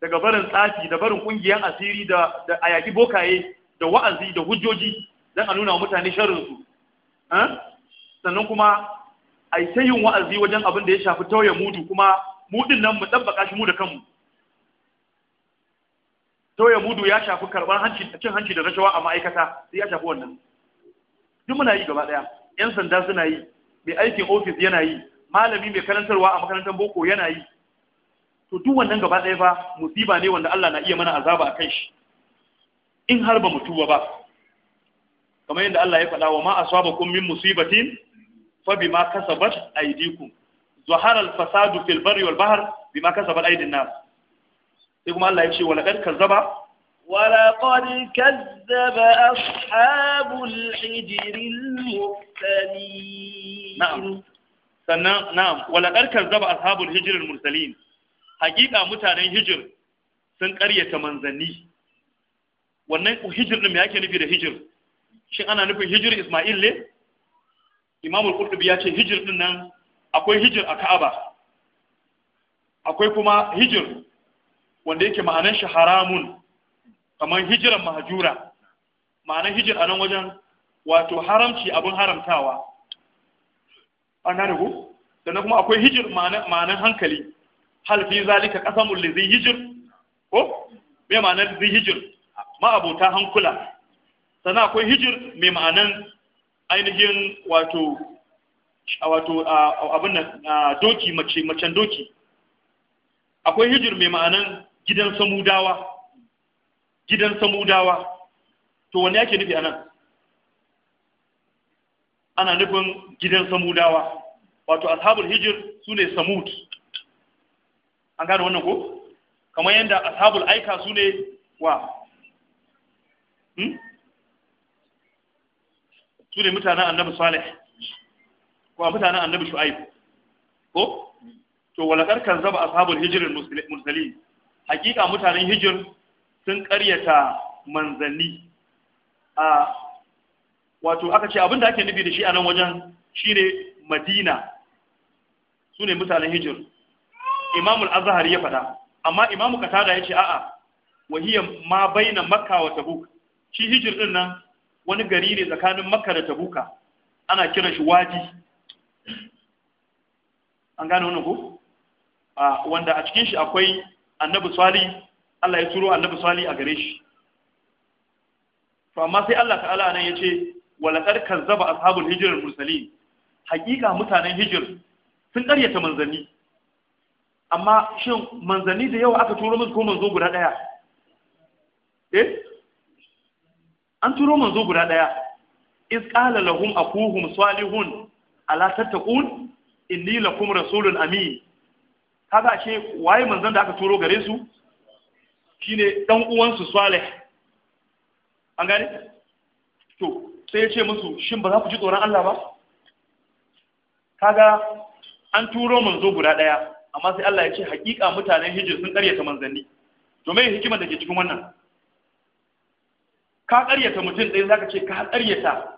daga barin tsafi da barin ƙungiyar asiri da ayaki bokaye da wa'azi da hujjoji don a nuna wa mutane sharrinsu sannan kuma a ta yin wa'azi wajen abin da ya shafi tauye mudu kuma mudin nan mu dabbaka shi mu da kanmu tauye mudu ya shafi karɓar hanci cin hanci da rashawa a ma'aikata sai ya shafi wannan duk muna yi gaba daya yan sanda suna yi mai aikin ofis yana yi malami mai karantarwa a makarantar boko yana yi to duk wannan gaba daya fa musiba ne wanda Allah na iya mana azaba a kai shi in har ba mu tuba ba kamar yadda Allah ya faɗa wa ma asabakum min musibatin fa bima kasabat aydikum zahara al-fasadu fil barri wal bahr bima kasabat aydin nas sai kuma Allah ya ce wa laqad kazzaba ولقد كذب أصحاب الحجر المرسلين نعم sannan na'am walaqad zaba ashabul hijr al mursalin hakika mutanen hijir sun karyata manzanni wannan hijir din me yake nufi da hijir shin ana nufin hijir isma'il ne imam al-qurtubi ya ce hijir din nan akwai hijir a ka'aba akwai kuma hijir wanda yake ma'anar shi haramun kamar hijiran mahajura ma'anar hijir a nan wajen wato haramci abin haramtawa an gane ku sannan kuma akwai hijir ma'anar hankali halfi zalika mulli zai hijir ko me ma'anar zai hijir ma'abota hankula sannan akwai hijir mai ma'anar ainihin wato wato abin na doki mace macen doki akwai hijir mai ma'anan gidan samudawa gidan samudawa to wani yake nufi anan ana nufin gidan samudawa wato ashabul hijir su ne samud an gane wannan ko kamar yadda ashabul aika su ne wa hmm? su ne mutanen annabi salih ko mutanen annabi shu'aib ko to walakar kan zaba ashabul hijirin mursali hakika mutanen hijir sun karyata manzanni a wato aka ce abinda ake nufi da shi a nan wajen shine madina su ne mutanen hijir imamul azhar ya fada amma imamu katada ya ce a'a wahiyar ma baina makka wa tabuk shi hijir din nan wani gari ne tsakanin makka da tabuka ana kiran shi waji. an gane wani ku. wanda a cikin shi akwai annabi salih Allah ya turo annabi sali a gare shi to amma sai Allah ta'ala nan ya ce walaqad kazzaba ashabul hijr mursalin Haƙiƙa mutanen hijr sun ƙaryata manzanni amma shin manzanni da yawa aka turo musu ko manzo guda daya eh an turo manzo guda daya iz qala lahum akuhum salihun ala tattaqun inni lakum rasulun amin kaga ce waye manzon da aka turo gare su shine dan uwansu salih an gane to sai ya ce musu shin ba za ku ji tsoron Allah ba kaga an turo manzo guda daya amma sai Allah ya ce hakika mutanen hijir sun karyata manzanni to me hikimar da ke cikin wannan ka karyata mutum ɗaya zaka ce ka karyata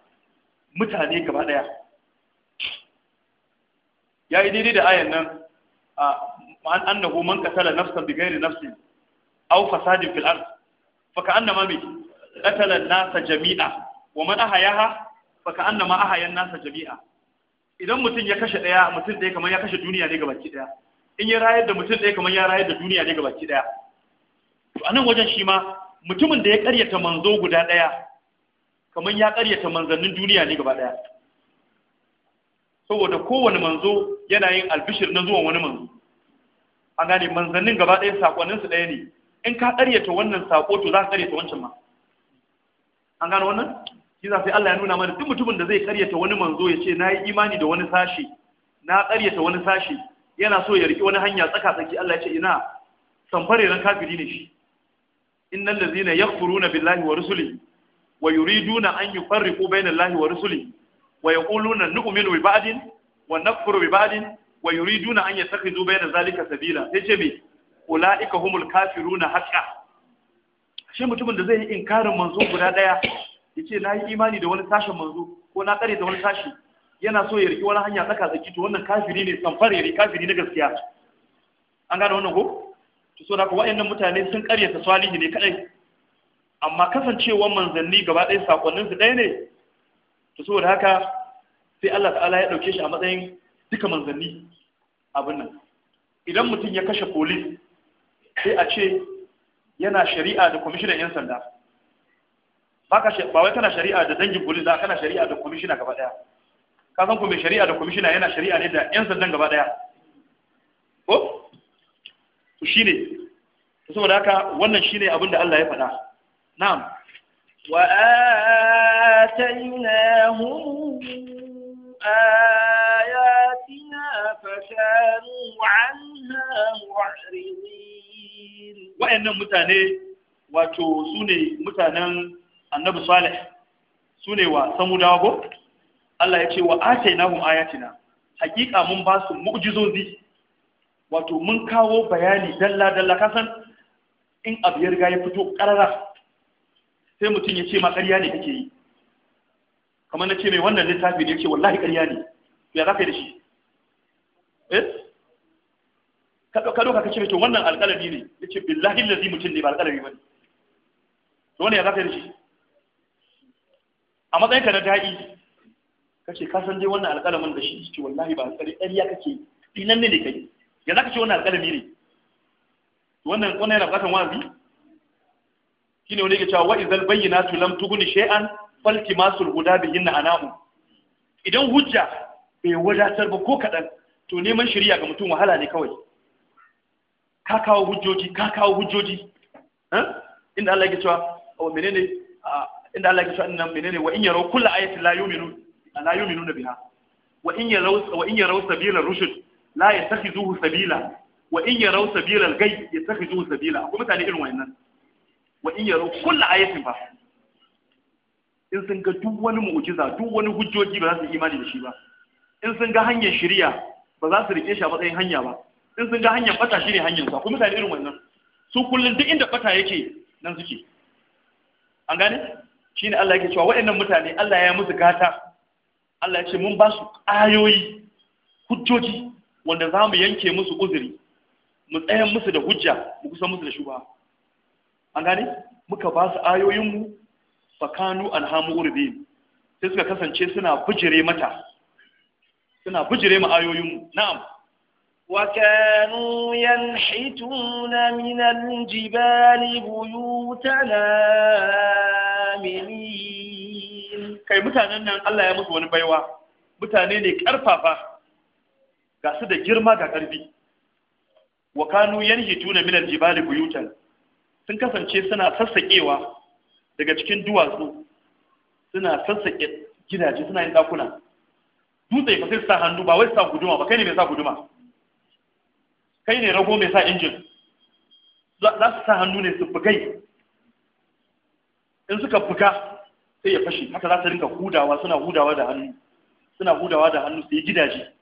mutane gaba daya yayi daidai da ayan nan annahu man qatala nafsan bighairi nafsin aw fasadin fil ard fa ka annama bi qatala an-nasa jami'a wa man ahayaha fa ka annama ahaya an-nasa jami'a idan mutum ya kashe daya mutum daya kamar ya kashe duniya ne gabaki daya in ya rayar da mutum daya kamar ya rayar da duniya ne gabaki daya to anan wajen shi ma mutumin da ya karyata manzo guda daya kamar ya karyata manzannin duniya ne gaba daya saboda kowane manzo yana yin albishir na zuwan wani manzo an gane manzannin gaba ɗaya sakonninsu ɗaya ne in ka ƙaryata wannan sako to za ka ƙaryata wancan ma an gano wannan shi za sai Allah ya nuna mana duk mutumin da zai karyata wani manzo ya ce na yi imani da wani sashi na karyata wani sashi yana so ya riƙe wani hanya tsaka tsaki Allah ya ce ina samfare ran kafiri ne shi innal ladzina yakfuruna billahi wa rusuli wa yuriduna an yufarriqu baina allahi wa rusuli wa yaquluna nu'minu bi ba'din wa nakfuru bi ba'din wa yuriduna an yattakhidhu baina zalika sabila sai ce me ula'ika humul kafiruna haqqan shi mutumin da zai yi inkarin manzo guda daya yace na yi imani da wani sashen manzo ko na kare da wani sashi yana so ya riki wani hanya tsaka tsaki to wannan kafiri ne ya ne kafiri na gaskiya an gane wannan ko to so da ko wayannan mutane sun ta salihi ne kadai amma kasancewar manzanni gaba ɗaya sakonnin su ɗaya ne to saboda haka sai Allah ta'ala ya dauke shi a matsayin duka manzanni abin nan idan mutum ya kashe police sai a ce yana shari'a da kwamishinan 'yan sanda ba wai kana shari'a da dangin polis da kana shari'a da kwamishina gaba daya ka san kuma shari'a da kwamishina yana shari'a ne da 'yan sandan gaba daya ko to ne, to saboda haka wannan shi ne abinda Allah ya faɗa na'am wa atainahum ayatina fakanu anha mu'ridin wayannan mutane wato su ne mutanen annabi salih su ne wa samu Allah ya ce wa atainahum ayatina hakika mun ba su mu'jizozi wato mun kawo bayani dalla dalla kasan in abu ya riga ya fito karara sai mutum ya ce ma ƙarya ne kake yi kamar na ce mai wannan littafi ne ya ce wallahi ƙarya ne ya zaka da shi eh ka ɗauka ka ce to wannan alƙalami ne yace ce billahi allazi mutum ne ba alƙalami ba to wani ya zaka da shi a matsayin ka na da'i ka ce ka san dai wannan alƙalamin da shi ce wallahi ba alƙalami ya kake dinan ne ne kai ya zaka ce wannan alƙalami ne To wannan wannan yana buƙatar wazi kine wani yake cewa wa idzal bayyinatu lam tughni shay'an faltimasul huda bihinna anamu idan hujja bai wadatar ba ko kaɗan to neman shari'a ga mutum wahala ne kawai ka kawo hujjoji ka kawo hujjoji eh? inda Allah yake cewa wa oh, menene ah, inda Allah yake cewa inna menene wa in yaraw kullu ayatin la yu'minu la yu'minuna biha wa in yaraw wa in yaraw sabila rushd la yattakhizuhu sabila wa in yaraw sabila al-ghay yattakhizuhu sabila akwai mutane irin wayannan wa in yaraw kullu ayatin fa in sun ga duk wani mu'jiza duk wani hujjoji ba za su imani da shi ba in sun ga hanyar shari'a ba za su rike shi a matsayin hanya ba in sun ga hanyar fata shi ne hanyar kuma mutane irin wannan su kullum duk inda fata yake nan suke an gane shi ne Allah yake cewa waɗannan mutane Allah ya musu gata Allah ya ce mun ba su ayoyi hujjoji wanda za mu yanke musu uzuri mu tsaya musu da hujja mu kusa musu da shuba an gane muka ba su mu fakanu alhamu urbin sai suka kasance suna bujire mata suna bijire mu ayoyinmu na'am وكانوا ينحتون من الجبال بيوتنا آمنين كي متانين الله يموت ونبيوا متانين كرفافا ga su da girma ga ƙarfi wa kanu yanhituna min aljibali buyutan sun kasance suna sassaƙewa daga cikin duwatsu suna sassaƙe gidaje suna yin dakuna dutse fa sai sa hannu ba wai sa guduma ba kai ne mai sa guduma kai ne rago mai sa injin za su sa hannu ne su bugai in suka buga sai ya fashe haka za su rinka hudawa suna hudawa da hannu suna hudawa da hannu sai gidaje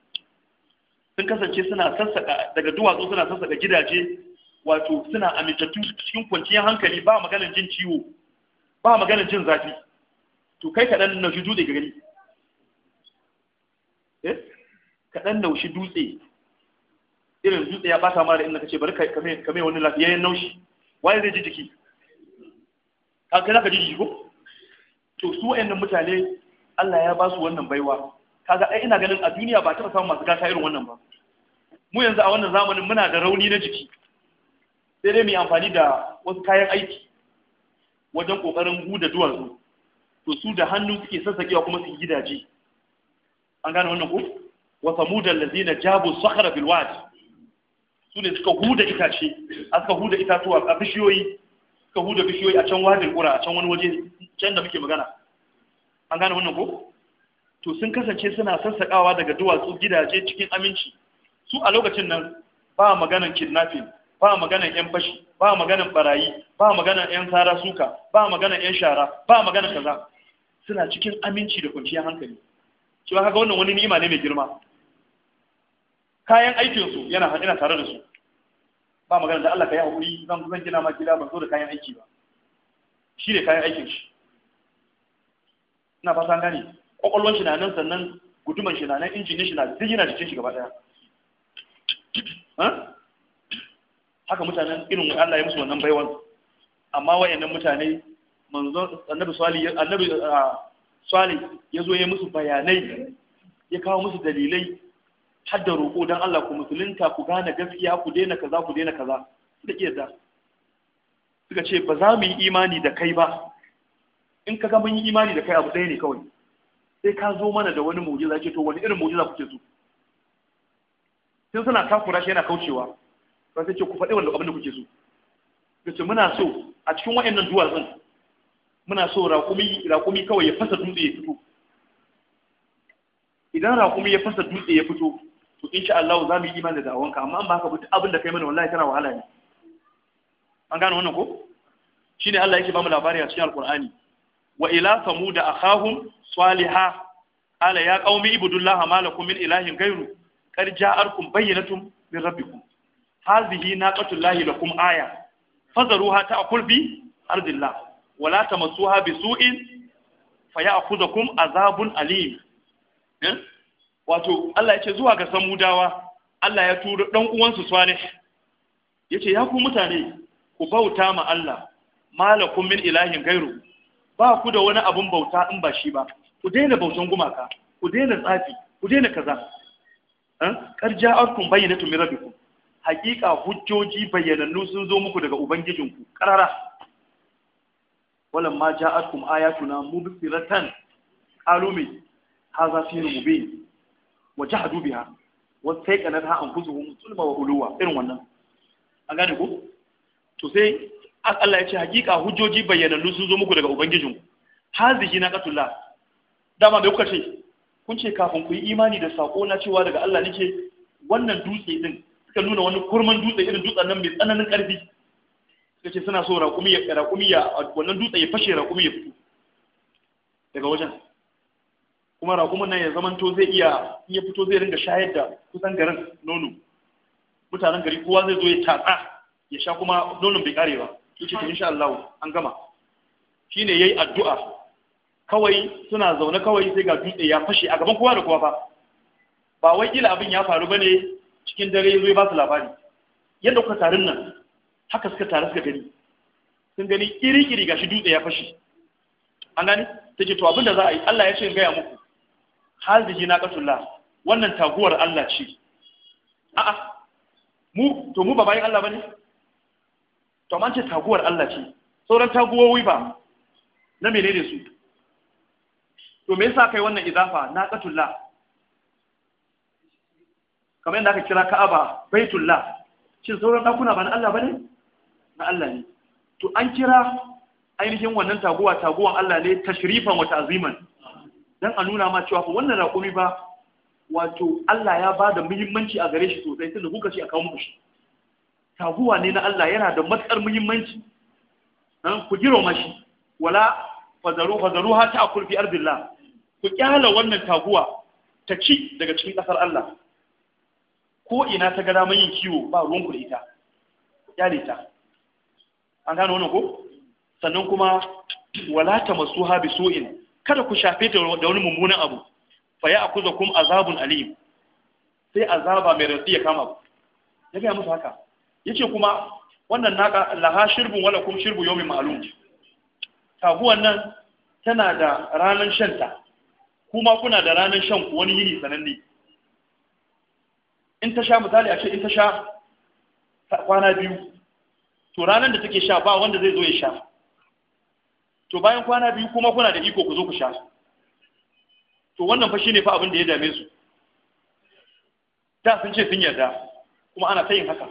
sun kasance suna sassaka daga duwatsu suna sassaka gidaje wato suna amintattu cikin kwanciyar hankali ba maganin jin ciwo ba maganin jin zafi to kai kaɗan na shi dutse gari eh kaɗan na shi dutse irin dutse ya bata mara inda kace bari kame kame wani lafiyayyen naushi waye zai ji jiki ka kai zaka ji jiki ko to su wayannan mutane Allah ya ba su wannan baiwa kaga ai ina ganin a duniya ba taɓa samu masu gata irin wannan ba mu yanzu a wannan zamanin muna da rauni na jiki sai dai mu yi amfani da wasu kayan aiki wajen kokarin huda su to su da hannu suke sassakewa kuma su gidaje an gane wannan ko wa samudan lazina jabu sakhara bil wadi su ne suka huda itace a suka huda itatuwa a bishiyoyi suka huda bishiyoyi a can wajen kura a can wani waje can da muke magana an gane wannan ko to sun kasance suna sassaƙawa daga duwatsu gidaje cikin aminci su a lokacin nan ba maganan kidnapping ba maganan yan fashi ba maganan barayi ba maganan yan sara suka ba maganan yan shara ba maganan kaza suna cikin aminci da kwanciyar hankali cewa kaga wannan wani ni'ima ne mai girma kayan aikinsu yana yana tare da su ba magana da Allah ka yi haƙuri zan zan gina ma gida ban zo da kayan aiki ba shi ne kayan aikin shi ina fata gane kwakwalwan shi na nan sannan guduman shi na nan injinin shi na duk yana jikin shi gaba daya haka mutanen irin Allah ya musu wannan baiwan amma wayannan mutane manzo annabi sali annabi ah, sali yazo ya musu bayanai ya kawo musu dalilai Hadda roƙo don Allah ku musulunta ku gane gaskiya ku daina kaza ku daina kaza suka ƙi yadda suka ce ba za mu yi imani da kai ba in ka ga mun yi imani da kai abu ɗaya ne kawai sai ka zo mana da wani mujiza ce to wani irin mujiza kuke so sai suna takura shi yana kaucewa ba sai ce ku faɗi wanda abin da kuke so ka ce muna so a cikin wa'annan duwatsun muna so raƙumi kawai ya fasa dutse ya fito idan raƙumi ya fasa dutse ya fito to insha Allah za mu yi imani da wanka. amma an ba ka abin da kai mana wallahi tana wahala ne an gane wannan ko shine Allah yake ba mu labari a cikin alqur'ani wa ila samud akhahum salihah ala ya qaumi ibudullaha ma lakum min ilahin ghayru qad ja'arkum bayyinatun min rabbikum hadhihi naqatullahi lakum aya fazaruha ta'kul bi ardillah wa la tamassuha bisu'in fayakhudhukum azabun alim wato Allah ya ce zuwa ga samudawa Allah ya tura dan uwansu salih ya ce ya ku mutane ku bauta ma Allah malakun min ilahin gairu ba ku da wani abun bauta in ba shi ba ku daina bautan gumaka ku daina tsafi ku daina kaza kar eh? ja'arkum bayyinatu min rabbikum Haƙiƙa hujjoji bayyanannu sun zo muku daga ubangijinku karara walamma ja'atkum ayatuna mubsiratan qalu hadha mubin wa sai biha wa an anfusuhum sulma wa uluwa irin wannan an gane ko to sai Allah ya ce hakika hujjoji bayyanannu sun zo muku daga Ubangijin. hazihi na qatullah dama bai kuka ce kun ce kafin ku yi imani da sako na cewa daga Allah nake wannan dutse din suka nuna wani kurman dutse irin dutsen nan mai tsananin ƙarfi suka ce suna so raƙumi ya raƙumi ya wannan dutse ya fashe raƙumi ya fito daga wajen kuma raƙumin nan ya zamanto zai iya in ya fito zai ringa shayar da kusan garin nono mutanen gari kowa zai zo ya tatsa ya sha kuma nonon bai kare ba yace to insha Allah an gama shine yayi addu'a kawai suna zaune kawai sai ga dutse ya fashe a gaban kowa da kowa fa ba wai kila abin ya faru bane cikin dare zai ba su labari yadda kuka tarin nan haka suka taru suka gani sun gani iri-iri gashi dutse ya fashe an gani ta ce to abinda za a yi Allah ya ce in gaya muku hazihi naqatullah wannan taguwar Allah ce a'a mu to mu ba bayin Allah bane to man ce taguwar Allah ce sauran taguwoyi ba na menene su to me yasa kai wannan idafa naqatullah kamar yadda aka kira Ka'aba Baitullah shin sauran dakuna ba na Allah bane na Allah ne to an kira ainihin wannan taguwa taguwan Allah ne tashrifan wa ta'ziman dan a nuna ma cewa wannan raƙumi ba wato Allah ya ba da muhimmanci a gare shi sosai tunda kuka ce a kawo muku shi taguwa ne na Allah yana da matsar muhimmanci ku giro mashi wala fazaru fazaru ha ta kulfi ardillah ku kyala wannan taguwa ta ci daga cikin kasar Allah ko ina ta ga daman yin kiwo ba ruwan ku da ita kyale ta an gano wannan ko sannan kuma wala ta masuha bi su'in kada ku shafe ta da wani mummunan abu fa ya akuza kum azabun alim sai azaba mai rantsi ya kama ku ya gaya musu haka yace kuma wannan naka laha shirbin wala kum shirbu yawmin ma'lum taguwan nan tana da ranar shanta kuma kuna da ranar shan ku wani yini sananne in ta sha misali a ce in ta sha kwana biyu to ranar da take sha ba wanda zai zo ya sha to bayan kwana biyu kuma kuna da iko ku zo ku sha to wannan fa shine fa abin da ya dame su da sun ce sun yarda kuma ana ta yin haka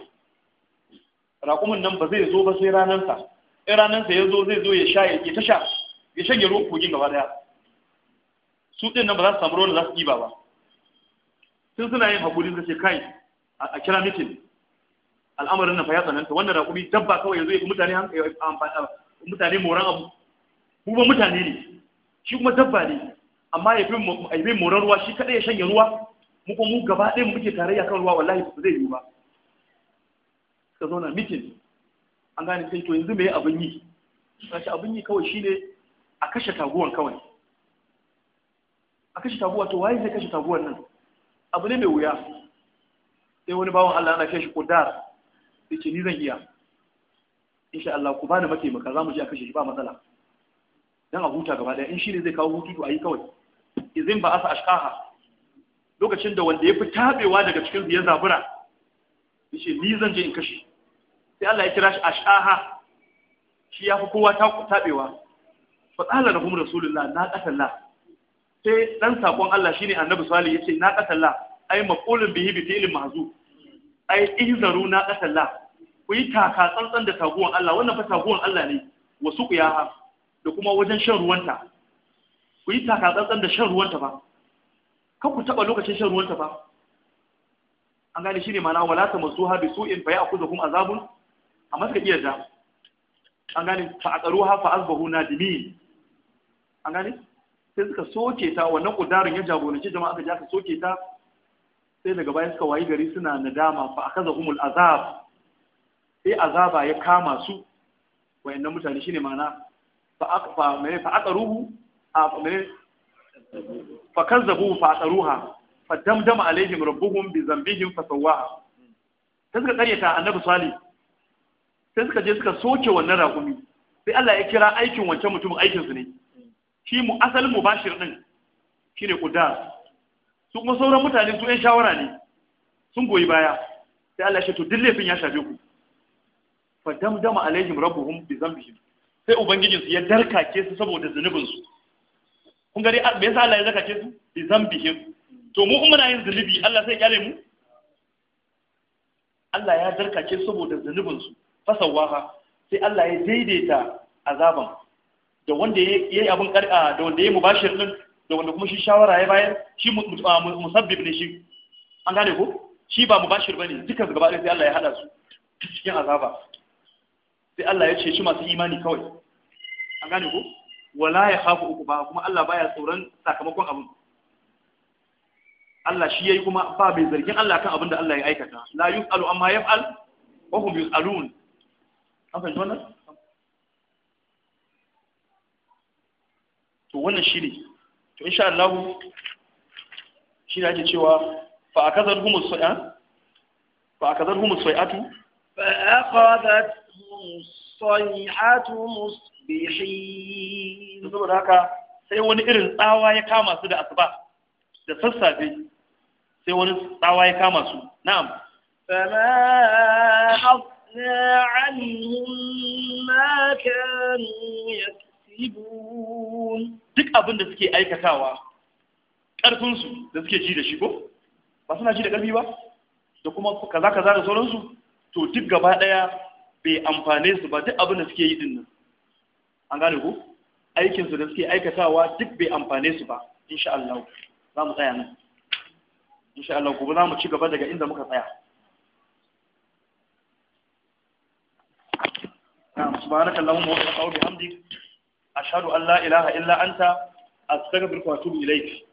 raƙumin nan ba zai zo ba sai ranansa in ranansa ya zo zai zo ya sha ya ta sha ya shanye ruwan kogin gaba daya su ɗin nan ba za su samu ruwan da za su ɗiba ba sun suna yin haƙuri suka ce kai a kira mitin al'amarin nan fa ya tsananta wannan raƙumi dabba kawai ya zo ya fi mutane mutane moran abu kuma mutane ne shi kuma dabba ne amma ya mai moran ruwa shi kaɗai ya shanye ruwa muku mu gaba ɗaya muke tarayya kan ruwa wallahi ba zai yiwu ba suka zauna mitin an gane sai to yanzu me abin yi sashi abin yi kawai shi ne a kashe taguwan kawai a kashe taguwa to waye zai kashe taguwan nan abu ne mai wuya sai wani bawan Allah ana kashe kudar da ke ni zan iya insha Allah ku bani mataimaka za mu je a kashe shi ba matsala dan a huta gaba ɗaya, in shi ne zai kawo hutu to ayi kawai izin ba asa ashkaha lokacin da wanda ya fi tabewa daga cikin biyan zabura yace ni zan je in kashe sai Allah ya kira shi ashkaha shi ya fi kowa tabewa fa qala lahum rasulullah na qatalla sai dan sakon Allah shine annabi salih ce na qatalla ai maqulun bihi bi fi'lin mahzu ai ihzaru na qatalla ku yi taka tsantsan da taguwan Allah wannan fa taguwan Allah ne wasu kuyaha da kuma wajen shan ruwanta ku yi takatsantsan da shan ruwanta ba kan ku taɓa lokacin shan ruwanta ba an gane shi ne mana wala ta masu ha bi su'in fa ya'khudhu kum azabun a suka iya da an gane fa aqaruha fa na dimi. an gane sai suka soke ta wannan kudarin ya jagoranci jama'a aka ja ka soke ta sai daga bayan suka wayi gari suna nadama fa akhadhahumul azab sai azaba ya kama su wayannan mutane shine ma'ana a fa'aqaruhu fa kazzabu fa'aqaruha fa damdama alaihim rabbuhum bi zambihim fa sawaha sai suka karyata annabi salih sai suka je suka soke wannan raƙumi sai Allah ya kira aikin wancan mutumin aikin su ne shi mu asalin mu mubashir din shine qudar su kuma sauran mutane su yan shawara ne sun goyi baya sai Allah ya ce to duk laifin ya shafe ku fa damdama alaihim rabbuhum bi zambihim sai ubangijinsu ya darkake su saboda zunubinsu kun gari me yasa Allah ya darkake su bi zambihim to mu kuma na yin zunubi Allah sai ya kyale mu Allah ya darkake su saboda zunubinsu fasawaha sai Allah ya daidaita azaban da wanda ya yi abin karka da wanda ya yi mubashir din da wanda kuma shi shawara ya bayar shi musabbib ne shi an gane ko shi ba mubashir bane ne, gaba ɗaya sai Allah ya hada su cikin azaba sai Allah ya ce shi masu imani kawai an gane ku wala ya khafu uku ba kuma Allah baya tsoron sakamakon abun. Allah shi yayi kuma ba mai zargin Allah kan abin da Allah ya aikata la yusalu amma yaf'al wa hum yusalun an fahimci wannan to wannan shine to insha Allah shi ne ake cewa fa akazar as-sa'a fa akazar as-sa'atu fa aqadat الصيحة مص bihi saboda haka sai wani irin tsawa ya kama su da asuba da sassafe sai wani tsawa ya kama su na'am fama afna anhum ma kanu yaksibun duk abin da suke aikatawa karfin su da suke ji da shi ko ba suna ji da karfi ba da kuma kaza kaza da sauransu to duk gaba daya bai amfane su ba duk abin da suke yi din nan an gane ku aikinsu da suke aikatawa duk bai amfane su ba insha Allah za mu tsaya nan insha Allah gobe za mu ci gaba daga inda muka tsaya na'am subhanaka allahumma wa ta'ala wa bihamdik ashhadu an la ilaha illa anta astaghfiruka wa atubu ilayk